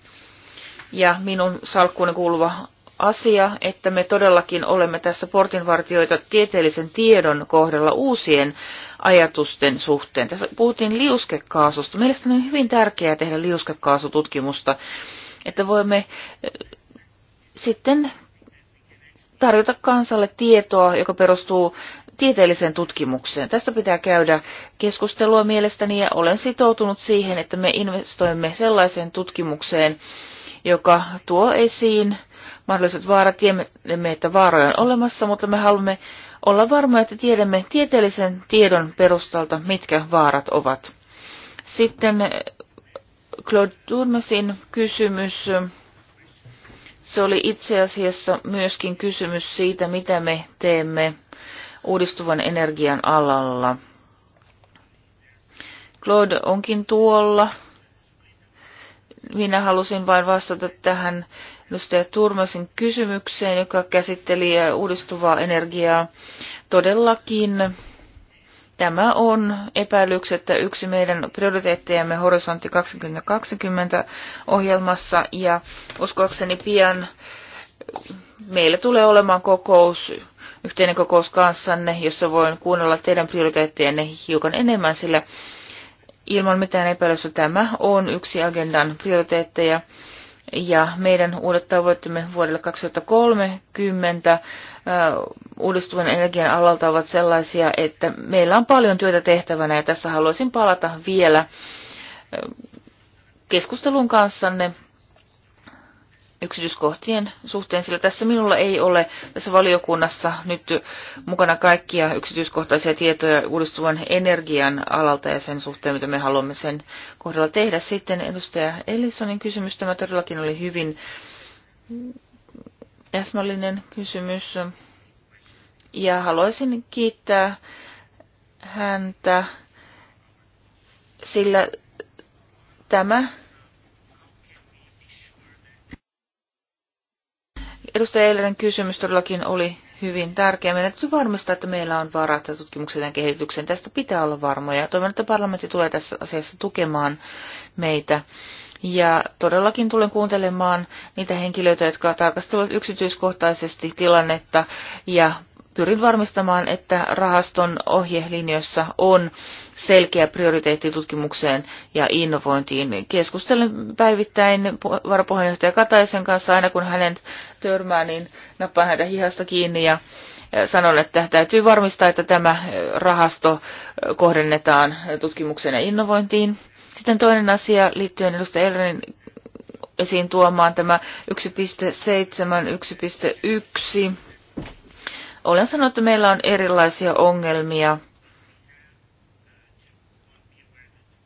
Ja minun salkkuuni kuuluva asia, että me todellakin olemme tässä portinvartioita tieteellisen tiedon kohdalla uusien ajatusten suhteen. Tässä puhuttiin liuskekaasusta. Mielestäni on hyvin tärkeää tehdä liuskekaasututkimusta, että voimme eh, sitten tarjota kansalle tietoa, joka perustuu tieteelliseen tutkimukseen. Tästä pitää käydä keskustelua mielestäni ja olen sitoutunut siihen, että me investoimme sellaiseen tutkimukseen, joka tuo esiin mahdolliset vaarat. Tiedämme, että vaaroja on olemassa, mutta me haluamme olla varmoja, että tiedämme tieteellisen tiedon perustalta, mitkä vaarat ovat. Sitten Claude Turmesin kysymys se oli itse asiassa myöskin kysymys siitä, mitä me teemme uudistuvan energian alalla. Claude onkin tuolla. Minä halusin vain vastata tähän edustaja Turmasin kysymykseen, joka käsitteli uudistuvaa energiaa. Todellakin Tämä on epäilyksettä yksi meidän prioriteettejamme Horisontti 2020 ohjelmassa ja uskoakseni pian meillä tulee olemaan kokous, yhteinen kokous kanssanne, jossa voin kuunnella teidän prioriteettejanne hiukan enemmän, sillä ilman mitään epäilystä tämä on yksi agendan prioriteetteja ja meidän uudet tavoitteemme vuodelle 2030 uudistuvan energian alalta ovat sellaisia, että meillä on paljon työtä tehtävänä ja tässä haluaisin palata vielä keskustelun kanssanne yksityiskohtien suhteen, sillä tässä minulla ei ole tässä valiokunnassa nyt mukana kaikkia yksityiskohtaisia tietoja uudistuvan energian alalta ja sen suhteen, mitä me haluamme sen kohdalla tehdä. Sitten edustaja Ellisonin kysymys, tämä todellakin oli hyvin täsmällinen kysymys. Ja haluaisin kiittää häntä, sillä tämä Edustaja Eilinen kysymys todellakin oli hyvin tärkeä. Meidän täytyy varmistaa, että meillä on varat ja tutkimuksen ja kehityksen. Tästä pitää olla varmoja. Toivon, että parlamentti tulee tässä asiassa tukemaan meitä. Ja todellakin tulen kuuntelemaan niitä henkilöitä, jotka tarkastelevat yksityiskohtaisesti tilannetta ja pyrin varmistamaan, että rahaston ohjelinjoissa on selkeä prioriteetti tutkimukseen ja innovointiin. Keskustelen päivittäin varapuheenjohtaja Kataisen kanssa aina kun hänen törmää, niin nappaan häntä hihasta kiinni ja sanon, että täytyy varmistaa, että tämä rahasto kohdennetaan tutkimukseen ja innovointiin. Sitten toinen asia liittyen edustaja Elrenin esiin tuomaan tämä 1.7, 1.1 olen sanonut, että meillä on erilaisia ongelmia.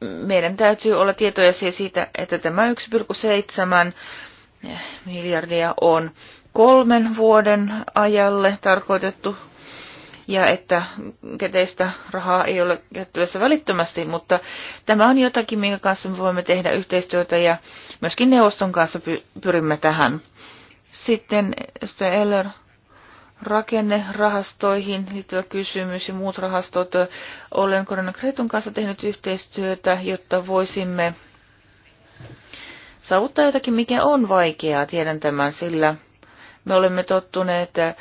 Meidän täytyy olla tietoja siitä, että tämä 1,7 miljardia on kolmen vuoden ajalle tarkoitettu ja että keteistä rahaa ei ole käyttävässä välittömästi, mutta tämä on jotakin, minkä kanssa me voimme tehdä yhteistyötä ja myöskin neuvoston kanssa pyrimme tähän. Sitten Eller rakennerahastoihin liittyvä kysymys ja muut rahastot. Olen Korona Kretun kanssa tehnyt yhteistyötä, jotta voisimme saavuttaa jotakin, mikä on vaikeaa, tiedän tämän, sillä me olemme tottuneet äh,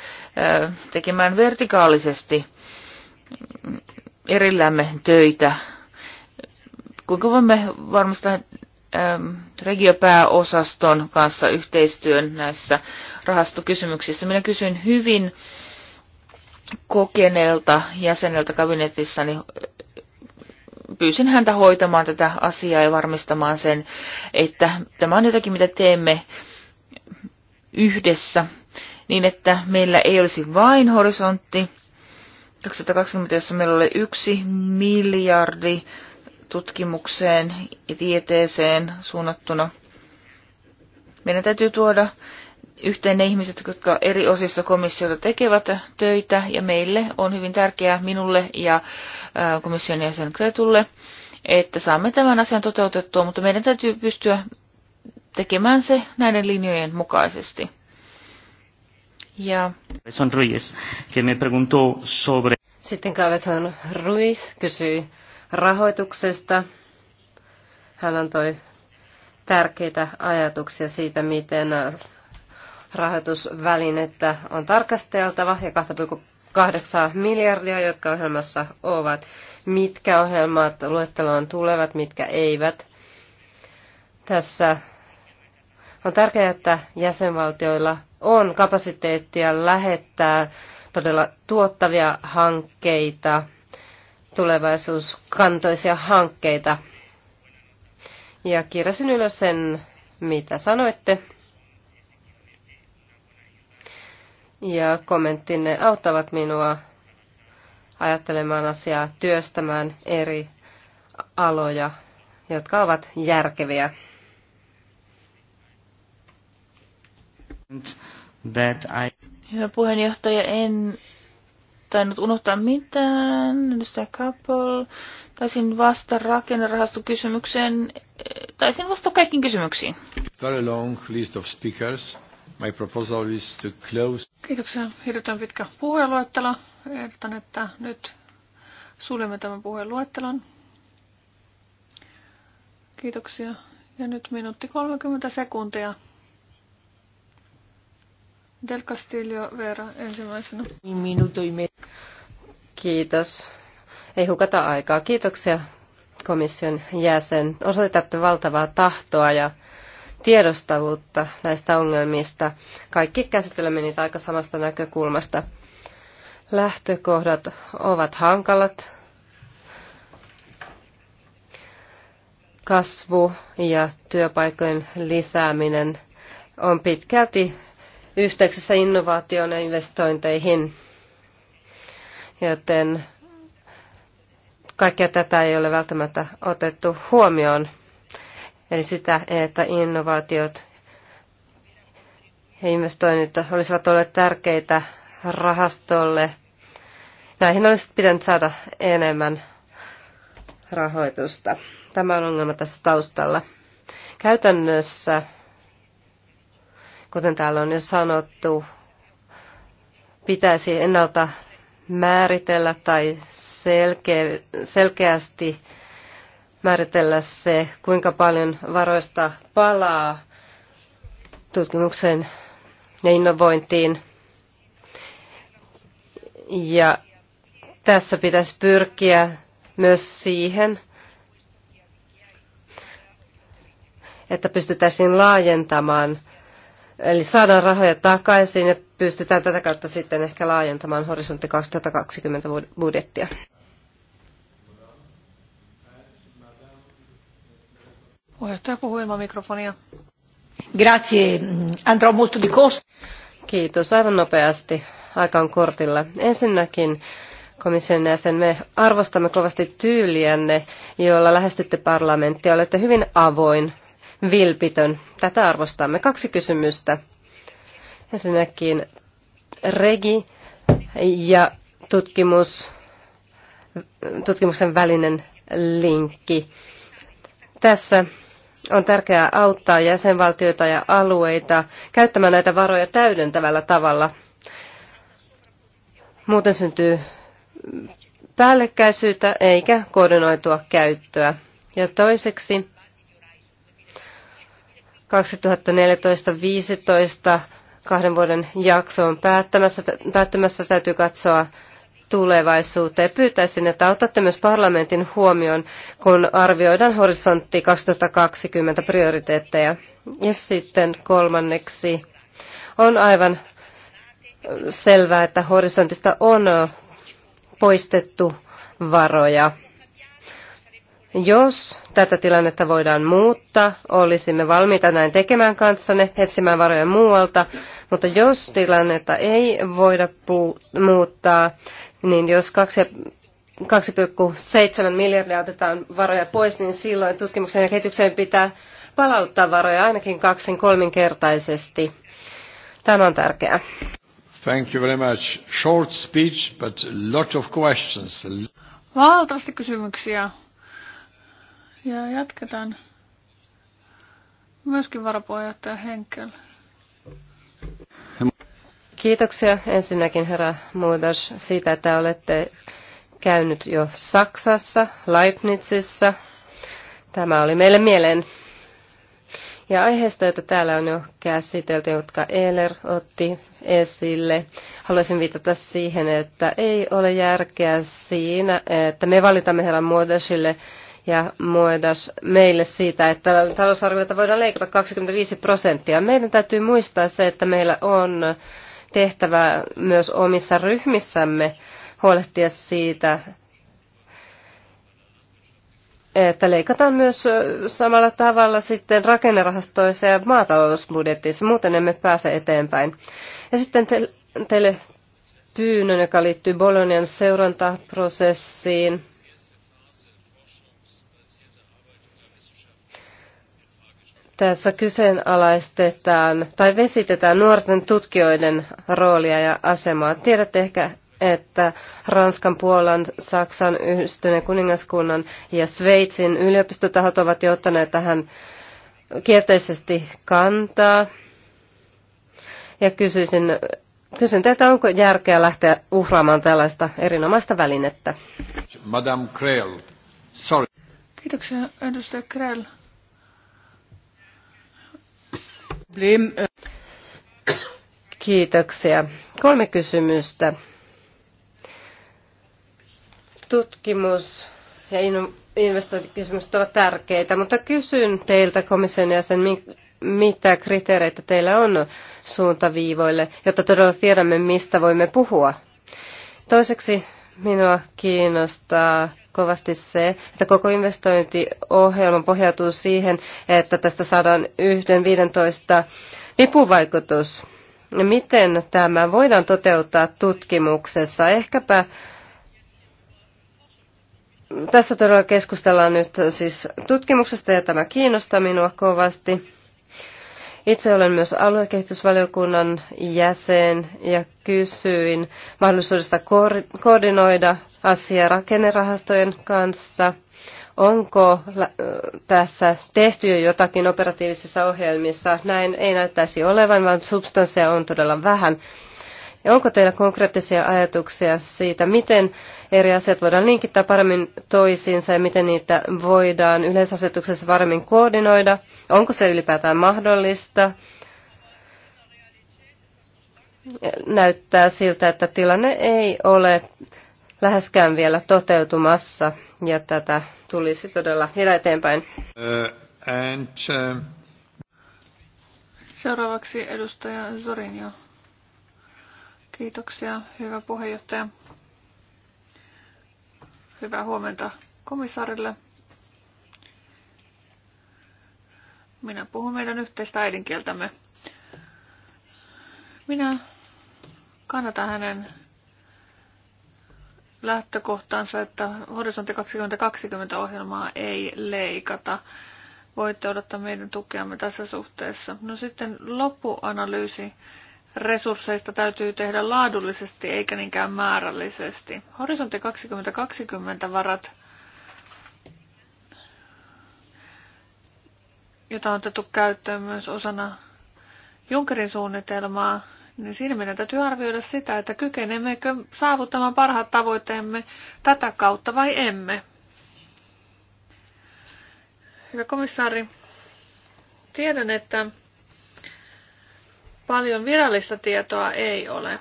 tekemään vertikaalisesti erillämme töitä. Kuinka voimme varmistaa Ähm, regiopääosaston kanssa yhteistyön näissä rahastokysymyksissä. Minä kysyin hyvin kokeneelta jäseneltä kabinetissani, pyysin häntä hoitamaan tätä asiaa ja varmistamaan sen, että tämä on jotakin, mitä teemme yhdessä, niin että meillä ei olisi vain horisontti 2020, jossa meillä oli yksi miljardi tutkimukseen ja tieteeseen suunnattuna. Meidän täytyy tuoda yhteen ne ihmiset, jotka eri osissa komissiota tekevät töitä, ja meille on hyvin tärkeää, minulle ja komission jäsen Kretulle, että saamme tämän asian toteutettua, mutta meidän täytyy pystyä tekemään se näiden linjojen mukaisesti. Ja.
Sitten Kavethan Ruiz kysyi rahoituksesta. Hän antoi tärkeitä ajatuksia siitä, miten rahoitusvälinettä on tarkasteltava ja 2,8 miljardia, jotka ohjelmassa ovat. Mitkä ohjelmat luetteloon tulevat, mitkä eivät. Tässä on tärkeää, että jäsenvaltioilla on kapasiteettia lähettää todella tuottavia hankkeita tulevaisuuskantoisia hankkeita. Ja kirjasin ylös sen, mitä sanoitte. Ja kommenttinne auttavat minua ajattelemaan asiaa, työstämään eri aloja, jotka ovat järkeviä.
Hyvä puheenjohtaja, en tainnut unohtaa mitään. Edustaja Couple. Taisin vasta rakennerahastokysymykseen. Taisin vasta kaikkiin kysymyksiin.
Very long list of speakers. My proposal is to close.
Kiitoksia. Hirveän pitkä puheenluettelo. Ehdotan,
että nyt suljemme tämän puheenluettelon. Kiitoksia. Ja nyt minuutti 30 sekuntia. Del Castillo Vera ensimmäisenä.
Minuutin.
Kiitos. Ei hukata aikaa. Kiitoksia komission jäsen. Osoitatte valtavaa tahtoa ja tiedostavuutta näistä ongelmista. Kaikki käsittelemme niitä aika samasta näkökulmasta. Lähtökohdat ovat hankalat. Kasvu ja työpaikojen lisääminen on pitkälti yhteyksissä innovaatioon ja investointeihin. Joten kaikkea tätä ei ole välttämättä otettu huomioon. Eli sitä, että innovaatiot ja investoinnit olisivat olleet tärkeitä rahastolle. Näihin olisi pitänyt saada enemmän rahoitusta. Tämä on ongelma tässä taustalla. Käytännössä kuten täällä on jo sanottu, pitäisi ennalta määritellä tai selkeä, selkeästi määritellä se, kuinka paljon varoista palaa tutkimukseen ja innovointiin. Ja tässä pitäisi pyrkiä myös siihen, että pystyttäisiin laajentamaan Eli saadaan rahoja takaisin ja pystytään tätä kautta sitten ehkä laajentamaan horisontti 2020 budjettia.
Puheenjohtaja puhuu ilman mikrofonia.
Grazie. Andrò molto di costa. Kiitos. Aivan nopeasti. on kortilla. Ensinnäkin komission jäsen, me arvostamme kovasti tyyliänne, jolla lähestytte parlamenttia. Olette hyvin avoin vilpitön. Tätä arvostamme. Kaksi kysymystä. Ensinnäkin regi ja tutkimus, tutkimuksen välinen linkki. Tässä on tärkeää auttaa jäsenvaltioita ja alueita käyttämään näitä varoja täydentävällä tavalla. Muuten syntyy päällekkäisyyttä eikä koordinoitua käyttöä. Ja toiseksi 2014-2015 kahden vuoden jakso on päättämässä, päättämässä täytyy katsoa tulevaisuuteen. Pyytäisin, että otatte myös parlamentin huomioon, kun arvioidaan horisontti 2020 prioriteetteja. Ja sitten kolmanneksi on aivan selvää, että horisontista on poistettu varoja. Jos tätä tilannetta voidaan muuttaa, olisimme valmiita näin tekemään kanssanne, etsimään varoja muualta, mutta jos tilannetta ei voida muuttaa, niin jos 2,7 miljardia otetaan varoja pois, niin silloin tutkimuksen ja kehitykseen pitää palauttaa varoja ainakin kaksin kolminkertaisesti. Tämä on tärkeää.
Thank you very much. Short speech, but lot of questions. Valtavasti kysymyksiä. Ja jatketaan myöskin varapuheenjohtaja Henkel.
Kiitoksia ensinnäkin herra Muudas siitä, että olette käynyt jo Saksassa, Leibnizissä. Tämä oli meille mieleen. Ja aiheesta, jota täällä on jo käsitelty, jotka Eler otti esille, haluaisin viitata siihen, että ei ole järkeä siinä, että me valitamme herran Muodasille ja Moedas meille siitä, että talousarviota voidaan leikata 25 prosenttia. Meidän täytyy muistaa se, että meillä on tehtävä myös omissa ryhmissämme huolehtia siitä, että leikataan myös samalla tavalla sitten rakennerahastoissa ja maatalousbudjetissa, muuten emme pääse eteenpäin. Ja sitten te, teille pyynnön, joka liittyy Bolonian seurantaprosessiin. Tässä kyseenalaistetaan tai vesitetään nuorten tutkijoiden roolia ja asemaa. Tiedätte ehkä, että Ranskan, Puolan, Saksan, Yhdistyneen kuningaskunnan ja Sveitsin yliopistotahot ovat jo ottaneet tähän kielteisesti kantaa. Ja kysyisin, kysyn teiltä, onko järkeä lähteä uhraamaan tällaista erinomaista välinettä?
Madame Krell, sorry. Kiitoksia, edustaja
Krell. Problem. Kiitoksia. Kolme kysymystä. Tutkimus ja investointikysymykset ovat tärkeitä, mutta kysyn teiltä komission jäsen, mitä kriteereitä teillä on suuntaviivoille, jotta todella tiedämme, mistä voimme puhua. Toiseksi minua kiinnostaa kovasti se, että koko investointiohjelma pohjautuu siihen, että tästä saadaan yhden 15 vipuvaikutus. Miten tämä voidaan toteuttaa tutkimuksessa? Ehkäpä tässä todella keskustellaan nyt siis tutkimuksesta ja tämä kiinnostaa minua kovasti. Itse olen myös aluekehitysvaliokunnan jäsen ja kysyin mahdollisuudesta koordinoida asiaa rakennerahastojen kanssa. Onko tässä tehty jo jotakin operatiivisissa ohjelmissa? Näin ei näyttäisi olevan, vaan substansseja on todella vähän. Ja onko teillä konkreettisia ajatuksia siitä, miten eri asiat voidaan linkittää paremmin toisiinsa ja miten niitä voidaan yleisasetuksessa varmin koordinoida? Onko se ylipäätään mahdollista? Näyttää siltä, että tilanne ei ole läheskään vielä toteutumassa ja tätä tulisi todella vielä eteenpäin.
Uh, and, uh... Seuraavaksi edustaja Zorinio. Kiitoksia, hyvä puheenjohtaja. Hyvää huomenta komissaarille. Minä puhun meidän yhteistä äidinkieltämme. Minä kannatan hänen lähtökohtansa, että Horisontti 2020 ohjelmaa ei leikata. Voitte odottaa meidän tukeamme tässä suhteessa. No sitten loppuanalyysi resursseista täytyy tehdä laadullisesti eikä niinkään määrällisesti. Horisontti 2020 varat, jota on otettu käyttöön myös osana Junkerin suunnitelmaa, niin siinä meidän täytyy arvioida sitä, että kykenemmekö saavuttamaan parhaat tavoitteemme tätä kautta vai emme. Hyvä komissaari, tiedän, että Paljon virallista tietoa ei ole,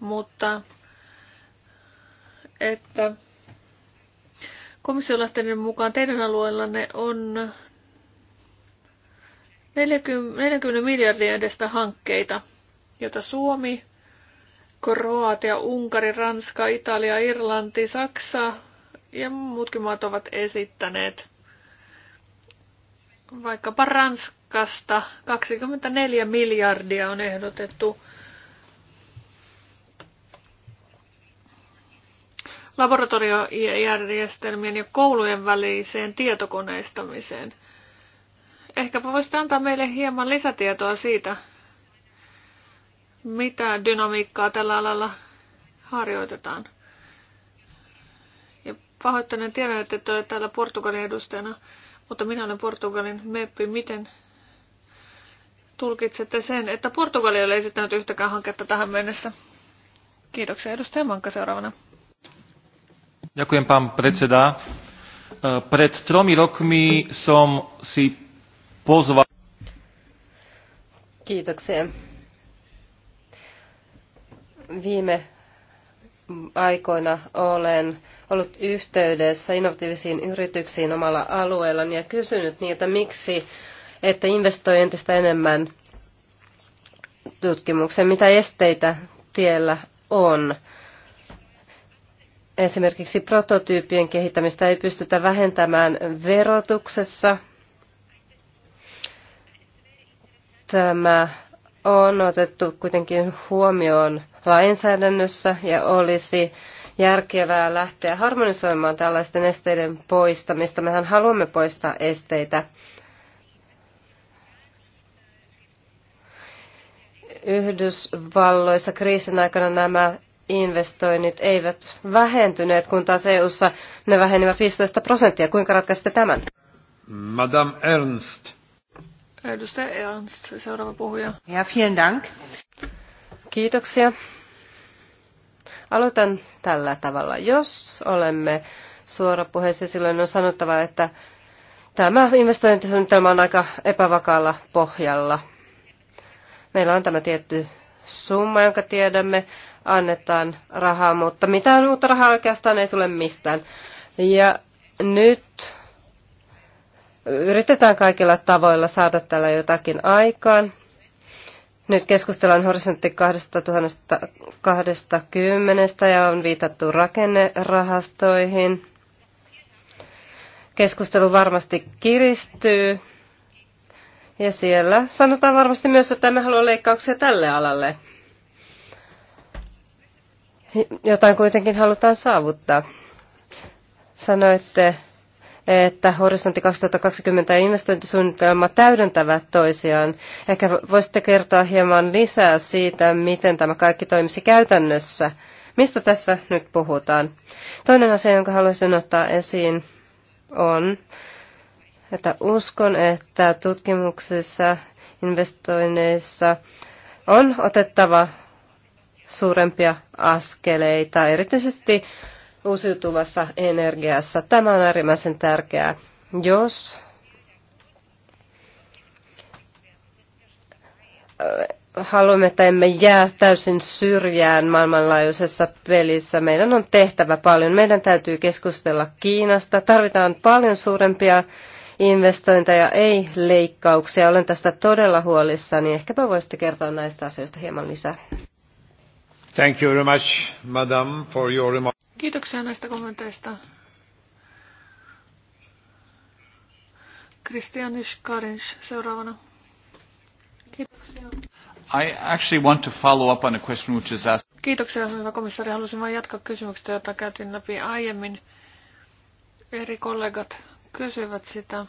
mutta että komissiolähteiden mukaan teidän alueellanne on 40, 40 miljardia edestä hankkeita, joita Suomi, Kroatia, Unkari, Ranska, Italia, Irlanti, Saksa ja muutkin maat ovat esittäneet. Vaikkapa Ranska Kreikasta 24 miljardia on ehdotettu laboratoriojärjestelmien ja koulujen väliseen tietokoneistamiseen. Ehkäpä voisitte antaa meille hieman lisätietoa siitä, mitä dynamiikkaa tällä alalla harjoitetaan. Ja pahoittelen tiedän, että te olette täällä Portugalin edustajana, mutta minä olen Portugalin meppi. Miten tulkitsette sen, että Portugali ei ole esittänyt yhtäkään hanketta tähän mennessä? Kiitoksia. Edustaja Manka seuraavana. Ďakujem, pán predseda. E, pred tromi rokmi som si pozval...
Kiitoksia. Viime aikoina olen ollut yhteydessä innovatiivisiin yrityksiin omalla alueellani ja kysynyt niiltä, miksi että investoi entistä enemmän tutkimukseen, mitä esteitä tiellä on. Esimerkiksi prototyyppien kehittämistä ei pystytä vähentämään verotuksessa. Tämä on otettu kuitenkin huomioon lainsäädännössä ja olisi järkevää lähteä harmonisoimaan tällaisten esteiden poistamista. Mehän haluamme poistaa esteitä Yhdysvalloissa kriisin aikana nämä investoinnit eivät vähentyneet, kun taas EU-ssa ne vähenivät 15 prosenttia. Kuinka ratkaisitte tämän?
Madame Ernst. Edustaja Ernst, seuraava puhuja. Ja, vielen dank.
Kiitoksia. Aloitan tällä tavalla. Jos olemme suora puheessa, silloin on sanottava, että tämä investointisuunnitelma on aika epävakaalla pohjalla – Meillä on tämä tietty summa, jonka tiedämme, annetaan rahaa, mutta mitään muuta rahaa oikeastaan ei tule mistään. Ja nyt yritetään kaikilla tavoilla saada tällä jotakin aikaan. Nyt keskustellaan horisontti 2020 ja on viitattu rakennerahastoihin. Keskustelu varmasti kiristyy ja siellä sanotaan varmasti myös, että emme halua leikkauksia tälle alalle. Jotain kuitenkin halutaan saavuttaa. Sanoitte, että horisontti 2020 ja investointisuunnitelma täydentävät toisiaan. Ehkä voisitte kertoa hieman lisää siitä, miten tämä kaikki toimisi käytännössä. Mistä tässä nyt puhutaan? Toinen asia, jonka haluaisin ottaa esiin, on että uskon, että tutkimuksessa, investoinneissa on otettava suurempia askeleita, erityisesti uusiutuvassa energiassa. Tämä on äärimmäisen tärkeää. Jos äh, haluamme, että emme jää täysin syrjään maailmanlaajuisessa pelissä. Meidän on tehtävä paljon. Meidän täytyy keskustella Kiinasta. Tarvitaan paljon suurempia investointeja, ei leikkauksia. Olen tästä todella huolissani. Ehkäpä voisitte kertoa näistä asioista hieman lisää.
Thank you very much, madam, for your remark. Kiitoksia näistä kommenteista. Christian Iskarins seuraavana. Kiitoksia. I actually want to follow up on a question which is asked. Kiitoksia, hyvä komissaari. Haluaisin vain jatkaa kysymyksestä, jota käytiin läpi aiemmin. Eri kollegat kysyivät sitä.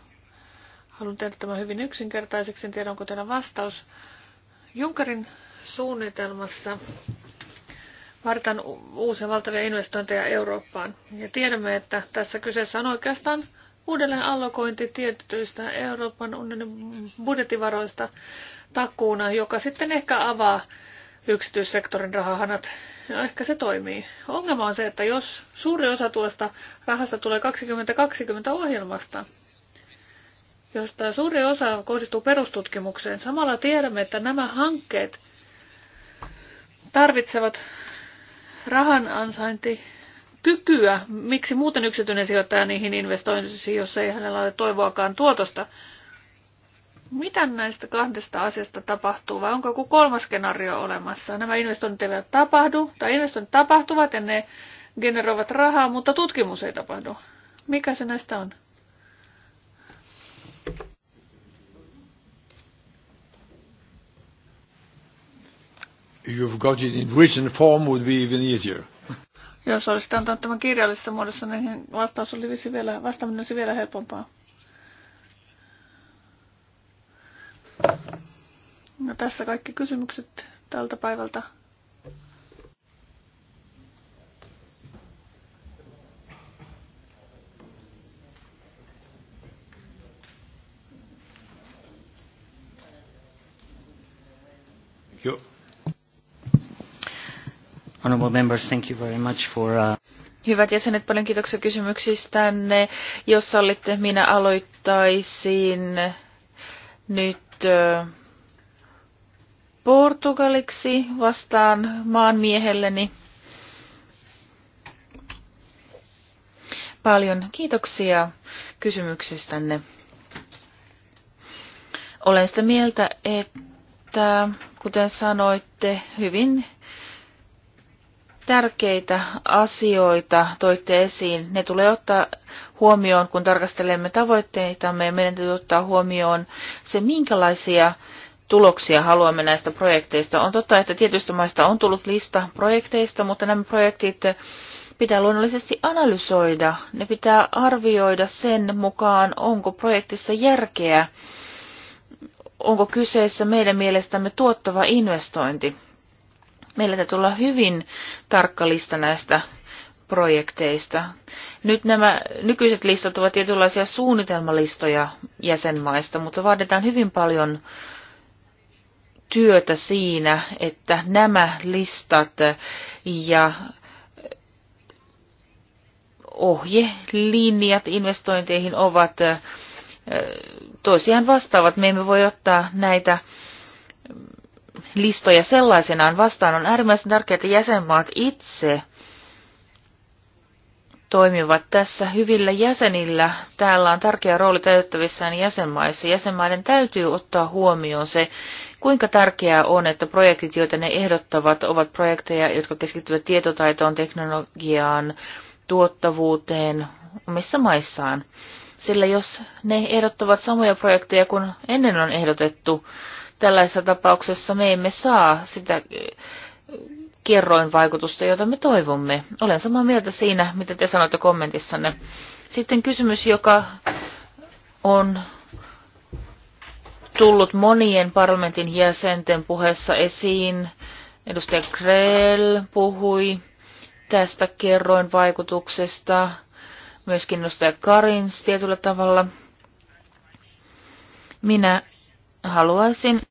Haluan tehdä tämän hyvin yksinkertaiseksi, en tiedä onko teillä vastaus. Junkarin suunnitelmassa vartan uusia valtavia investointeja Eurooppaan. Ja tiedämme, että tässä kyseessä on oikeastaan uudelleen allokointi tietyistä Euroopan unionin budjettivaroista takuuna, joka sitten ehkä avaa yksityissektorin rahahanat ja ehkä se toimii. Ongelma on se, että jos suuri osa tuosta rahasta tulee 2020 ohjelmasta, josta suuri osa kohdistuu perustutkimukseen, samalla tiedämme, että nämä hankkeet tarvitsevat rahan kykyä. Miksi muuten yksityinen sijoittaja niihin investoisi, jos ei hänellä ole toivoakaan tuotosta? Mitä näistä kahdesta asiasta tapahtuu vai onko joku kolmas skenaario olemassa? Nämä investoinnit eivät tapahdu tai investoinnit tapahtuvat ja ne generoivat rahaa, mutta tutkimus ei tapahdu. Mikä se näistä on? You've got it in written form would be even easier. Jos olisit antanut tämän kirjallisessa muodossa, niin vastaus olisi vielä, vastaaminen olisi vielä helpompaa. No tässä kaikki kysymykset tältä päivältä. Honorable members, thank you very much for uh...
Hyvät jäsenet, paljon kiitoksia kysymyksistänne. Jos sallitte, minä aloittaisin nyt uh, portugaliksi vastaan maan miehelleni. Paljon kiitoksia kysymyksistänne. Olen sitä mieltä, että kuten sanoitte, hyvin tärkeitä asioita toitte esiin. Ne tulee ottaa huomioon, kun tarkastelemme tavoitteitamme ja meidän täytyy ottaa huomioon se, minkälaisia tuloksia haluamme näistä projekteista. On totta, että tietystä maista on tullut lista projekteista, mutta nämä projektit pitää luonnollisesti analysoida. Ne pitää arvioida sen mukaan, onko projektissa järkeä, onko kyseessä meidän mielestämme tuottava investointi. Meillä täytyy olla hyvin tarkka lista näistä projekteista. Nyt nämä nykyiset listat ovat tietynlaisia suunnitelmalistoja jäsenmaista, mutta vaaditaan hyvin paljon työtä siinä, että nämä listat ja ohjelinjat investointeihin ovat toisiaan vastaavat. Me emme voi ottaa näitä listoja sellaisenaan vastaan. On äärimmäisen tärkeää, että jäsenmaat itse toimivat tässä hyvillä jäsenillä. Täällä on tärkeä rooli täyttävissään jäsenmaissa. Jäsenmaiden täytyy ottaa huomioon se, Kuinka tärkeää on, että projektit, joita ne ehdottavat, ovat projekteja, jotka keskittyvät tietotaitoon, teknologiaan, tuottavuuteen omissa maissaan? Sillä jos ne ehdottavat samoja projekteja kuin ennen on ehdotettu, tällaisessa tapauksessa me emme saa sitä eh, vaikutusta, jota me toivomme. Olen samaa mieltä siinä, mitä te sanoitte kommentissanne. Sitten kysymys, joka on tullut monien parlamentin jäsenten puheessa esiin. Edustaja Krell puhui tästä kerroin vaikutuksesta, myöskin edustaja Karins tietyllä tavalla. Minä haluaisin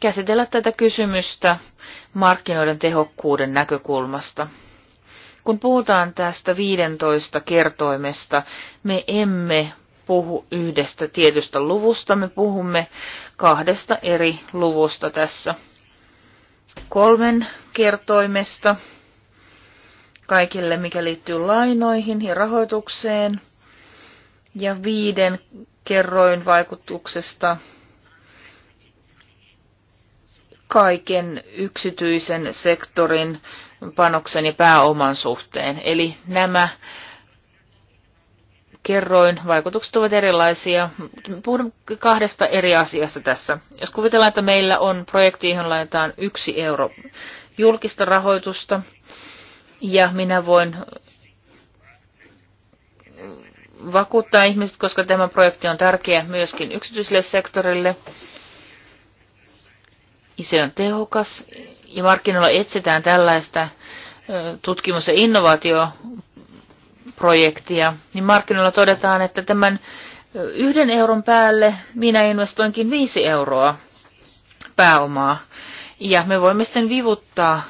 käsitellä tätä kysymystä markkinoiden tehokkuuden näkökulmasta. Kun puhutaan tästä 15 kertoimesta, me emme puhu yhdestä tietystä luvusta, me puhumme kahdesta eri luvusta tässä. Kolmen kertoimesta kaikille, mikä liittyy lainoihin ja rahoitukseen, ja viiden kerroin vaikutuksesta kaiken yksityisen sektorin panoksen ja pääoman suhteen. Eli nämä kerroin, vaikutukset ovat erilaisia. Puhun kahdesta eri asiasta tässä. Jos kuvitellaan, että meillä on projekti, johon laitetaan yksi euro julkista rahoitusta, ja minä voin vakuuttaa ihmiset, koska tämä projekti on tärkeä myöskin yksityiselle sektorille. Se on tehokas ja markkinoilla etsitään tällaista tutkimus- ja innovaatio projektia, niin markkinoilla todetaan, että tämän yhden euron päälle minä investoinkin viisi euroa pääomaa. Ja me voimme sitten vivuttaa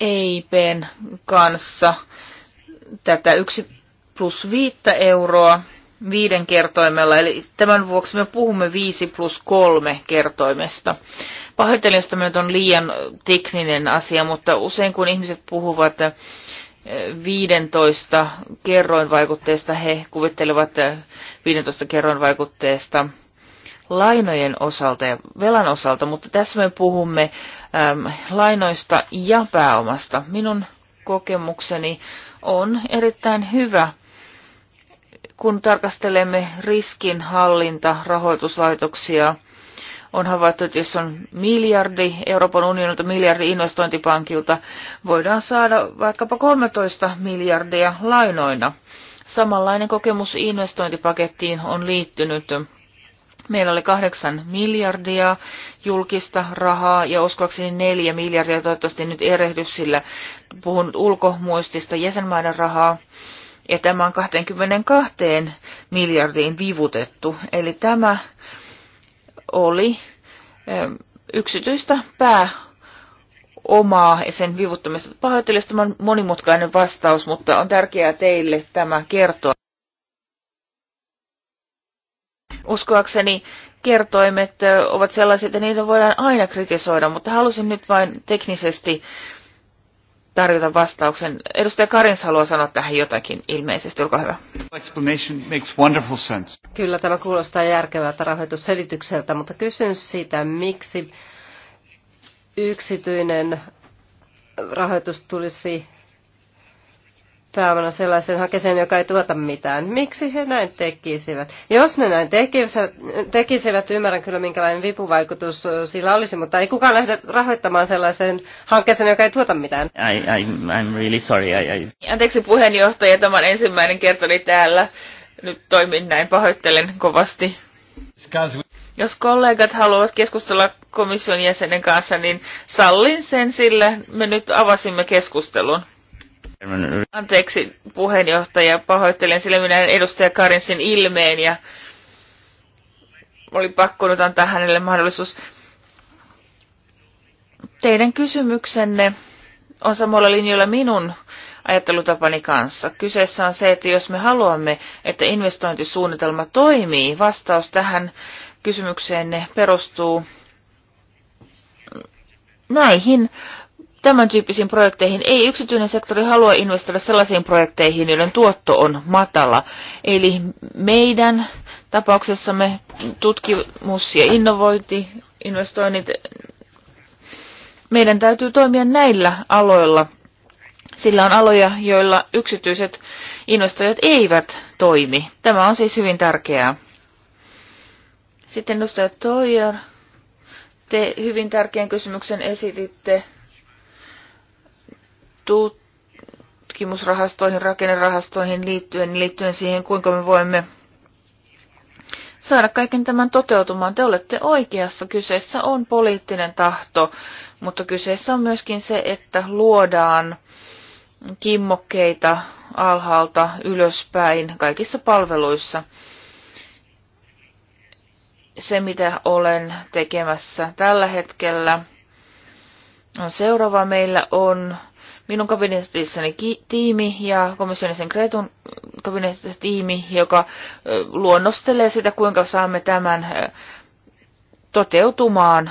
EIPn kanssa tätä yksi plus viittä euroa viiden kertoimella. Eli tämän vuoksi me puhumme viisi plus kolme kertoimesta. Pahoittelen, jos tämä nyt on liian tekninen asia, mutta usein kun ihmiset puhuvat 15 eh, kerroinvaikutteesta, he kuvittelevat 15 eh, kerroinvaikutteesta lainojen osalta ja velan osalta, mutta tässä me puhumme äm, ehm, lainoista ja pääomasta. Minun kokemukseni on erittäin hyvä, kun tarkastelemme riskinhallinta rahoituslaitoksia on havaittu, että jos on miljardi Euroopan unionilta, miljardi investointipankilta, voidaan saada vaikkapa 13 miljardia lainoina. Samanlainen kokemus investointipakettiin on liittynyt. Meillä oli kahdeksan miljardia julkista rahaa ja uskoakseni neljä miljardia, toivottavasti nyt erehdys, sillä puhun ulkomuistista jäsenmaiden rahaa. Ja tämä on 22 miljardiin vivutettu. Eli tämä oli yksityistä pääomaa ja sen vivuttamista. Pahoittelen, tämä on monimutkainen vastaus, mutta on tärkeää teille tämä kertoa. Uskoakseni kertoimet ovat sellaisia, että niitä voidaan aina kritisoida, mutta halusin nyt vain teknisesti tarjota vastauksen. Edustaja Karins haluaa sanoa tähän jotakin ilmeisesti, olkaa hyvä.
Kyllä tämä kuulostaa järkevältä rahoitusselitykseltä, mutta kysyn siitä, miksi yksityinen rahoitus tulisi pääomana sellaisen hakeseen, joka ei tuota mitään. Miksi he näin tekisivät? Jos ne näin tekisivät, tekisivät ymmärrän kyllä minkälainen vipuvaikutus sillä olisi, mutta ei kukaan lähde rahoittamaan sellaisen hankkeeseen, joka ei tuota mitään.
I, I, I'm really sorry. I, I... Anteeksi puheenjohtaja, tämä on ensimmäinen kerta oli täällä. Nyt toimin näin, pahoittelen kovasti. Jos kollegat haluavat keskustella komission jäsenen kanssa, niin sallin sen, sillä me nyt avasimme keskustelun. Anteeksi puheenjohtaja, pahoittelen, sillä minä edustaja Karinsin ilmeen ja oli pakko nyt antaa hänelle mahdollisuus. Teidän kysymyksenne on samalla linjoilla minun ajattelutapani kanssa. Kyseessä on se, että jos me haluamme, että investointisuunnitelma toimii, vastaus tähän kysymykseenne perustuu näihin tämän tyyppisiin projekteihin. Ei yksityinen sektori halua investoida sellaisiin projekteihin, joiden tuotto on matala. Eli meidän tapauksessamme tutkimus- ja innovointi, investoinnit, meidän täytyy toimia näillä aloilla. Sillä on aloja, joilla yksityiset investoijat eivät toimi. Tämä on siis hyvin tärkeää. Sitten edustaja Toijar, te hyvin tärkeän kysymyksen esititte tutkimusrahastoihin, rakennerahastoihin liittyen, liittyen siihen, kuinka me voimme saada kaiken tämän toteutumaan. Te olette oikeassa. Kyseessä on poliittinen tahto, mutta kyseessä on myöskin se, että luodaan kimmokkeita alhaalta ylöspäin kaikissa palveluissa. Se, mitä olen tekemässä tällä hetkellä, on seuraava. Meillä on minun kabinetissani tiimi ja komissionisen Kretun kabinetissa tiimi, joka luonnostelee sitä, kuinka saamme tämän toteutumaan.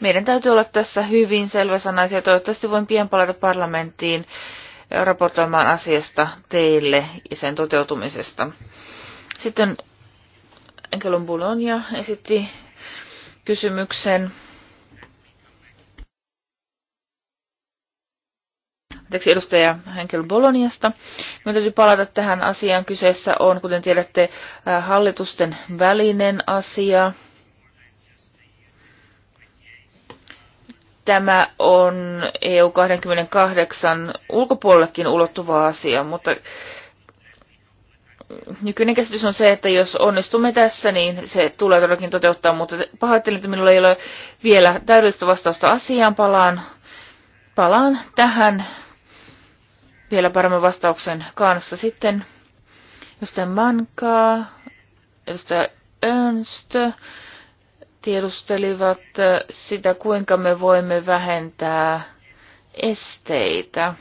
Meidän täytyy olla tässä hyvin selväsanaisia. Toivottavasti voin pian palata parlamenttiin raportoimaan asiasta teille ja sen toteutumisesta. Sitten Enkelon Bulonia esitti kysymyksen anteeksi, edustaja Henkel Boloniasta. Minun täytyy palata tähän asiaan. Kyseessä on, kuten tiedätte, äh, hallitusten välinen asia. Tämä on EU-28 ulkopuolellekin ulottuva asia, mutta nykyinen käsitys on se, että jos onnistumme tässä, niin se tulee todellakin toteuttaa, mutta pahoittelen, että minulla ei ole vielä täydellistä vastausta asiaan. Palaan, palaan tähän vielä paremman vastauksen kanssa. Sitten edustaja Mankaa, edustaja Ernst tiedustelivat sitä, kuinka me voimme vähentää esteitä.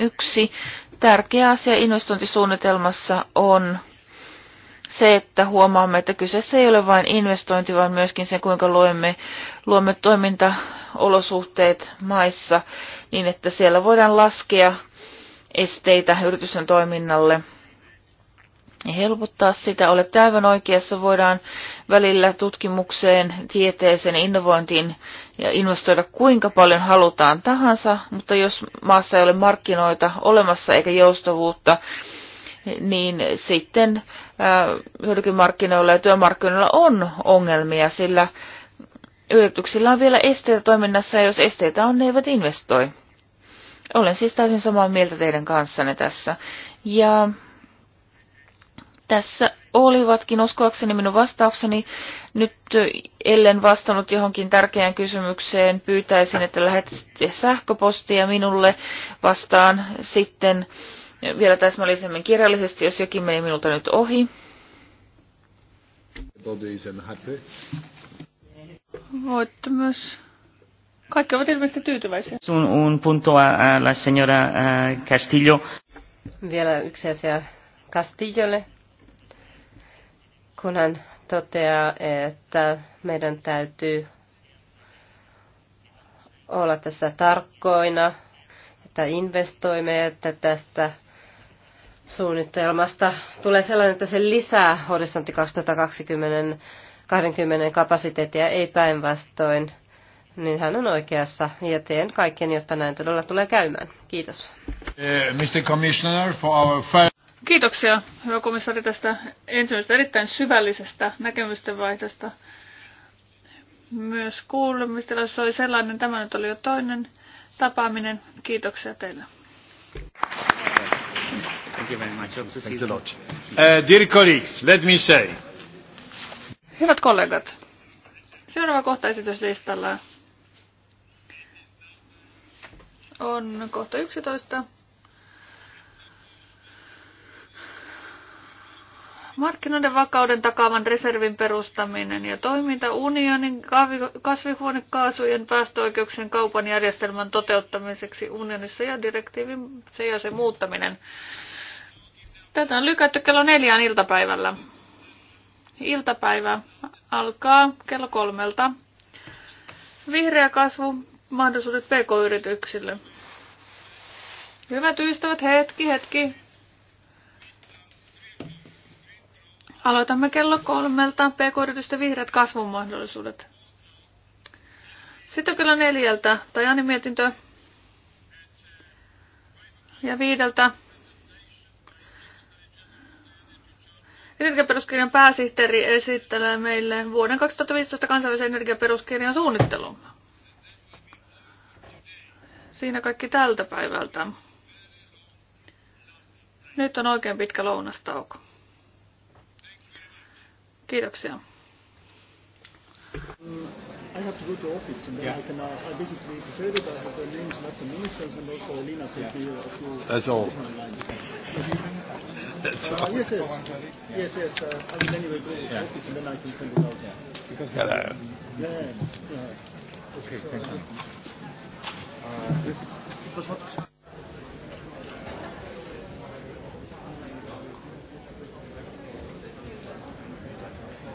Yksi tärkeä asia investointisuunnitelmassa on se, että huomaamme, että kyseessä ei ole vain investointi, vaan myöskin se, kuinka luemme, luomme toimintaolosuhteet maissa niin, että siellä voidaan laskea esteitä yritysten toiminnalle ja helpottaa sitä. Olet aivan oikeassa, voidaan välillä tutkimukseen, tieteeseen, innovointiin ja investoida kuinka paljon halutaan tahansa, mutta jos maassa ei ole markkinoita olemassa eikä joustavuutta, niin sitten äh, hyödykemarkkinoilla ja työmarkkinoilla on ongelmia, sillä yrityksillä on vielä esteitä toiminnassa ja jos esteitä on, ne eivät investoi. Olen siis täysin samaa mieltä teidän kanssanne tässä. Ja tässä olivatkin uskoakseni minun vastaukseni. Nyt ellen vastannut johonkin tärkeään kysymykseen, pyytäisin, että lähetätte sähköpostia minulle vastaan sitten vielä täsmällisemmin kirjallisesti, jos jokin meni minulta nyt ohi. Voitte myös.
Kaikki ovat ilmeisesti tyytyväisiä.
Un, un punto a, la señora eh, Castillo. Vielä yksi asia Castillolle, kun hän toteaa, että meidän täytyy olla tässä tarkkoina, että investoimme, että tästä suunnitelmasta tulee sellainen, että se lisää horisontti 2020 kapasiteettia, ei päinvastoin, niin hän on oikeassa ja teen kaiken, jotta näin todella tulee käymään. Kiitos.
Eh, Mr. Commissioner, for our first... Kiitoksia, hyvä komissaari, tästä ensimmäisestä erittäin syvällisestä näkemysten vaihdosta. Myös kuulemistilaisuus oli sellainen, tämä nyt oli jo toinen tapaaminen. Kiitoksia teille. Thank you very much. Thanks a lot. Uh, dear colleagues, let me say. Hyvät kollegat, seuraava kohta esityslistalla on kohta 11. Markkinoiden vakauden takaavan reservin perustaminen ja toiminta unionin kasvihuonekaasujen päästöoikeuksien kaupan järjestelmän toteuttamiseksi unionissa ja direktiivin se ja se muuttaminen. Tätä on lykätty kello neljään iltapäivällä. Iltapäivä alkaa kello kolmelta. Vihreä kasvu, mahdollisuudet pk-yrityksille. Hyvät ystävät, hetki, hetki. Aloitamme kello kolmelta pk-yritysten vihreät mahdollisuudet. Sitten kello neljältä Tajani mietintö. Ja viideltä Energiaperuskirjan pääsihteeri esittelee meille vuoden 2015 kansainvälisen energiaperuskirjan suunnittelun. Siinä kaikki tältä päivältä. Nyt on oikein pitkä lounastauko. Kiitoksia.
I have to go to office and then yeah. I can uh,
I basically say that I have the names of the ministers and also Alina said yeah. me a few. That's all. Uh, yes, yes. Yes, yes. Uh, I anyway go yeah. office and then I can send it out. Yeah. Hello. Yeah, yeah. Okay, thanks. Uh, this was what...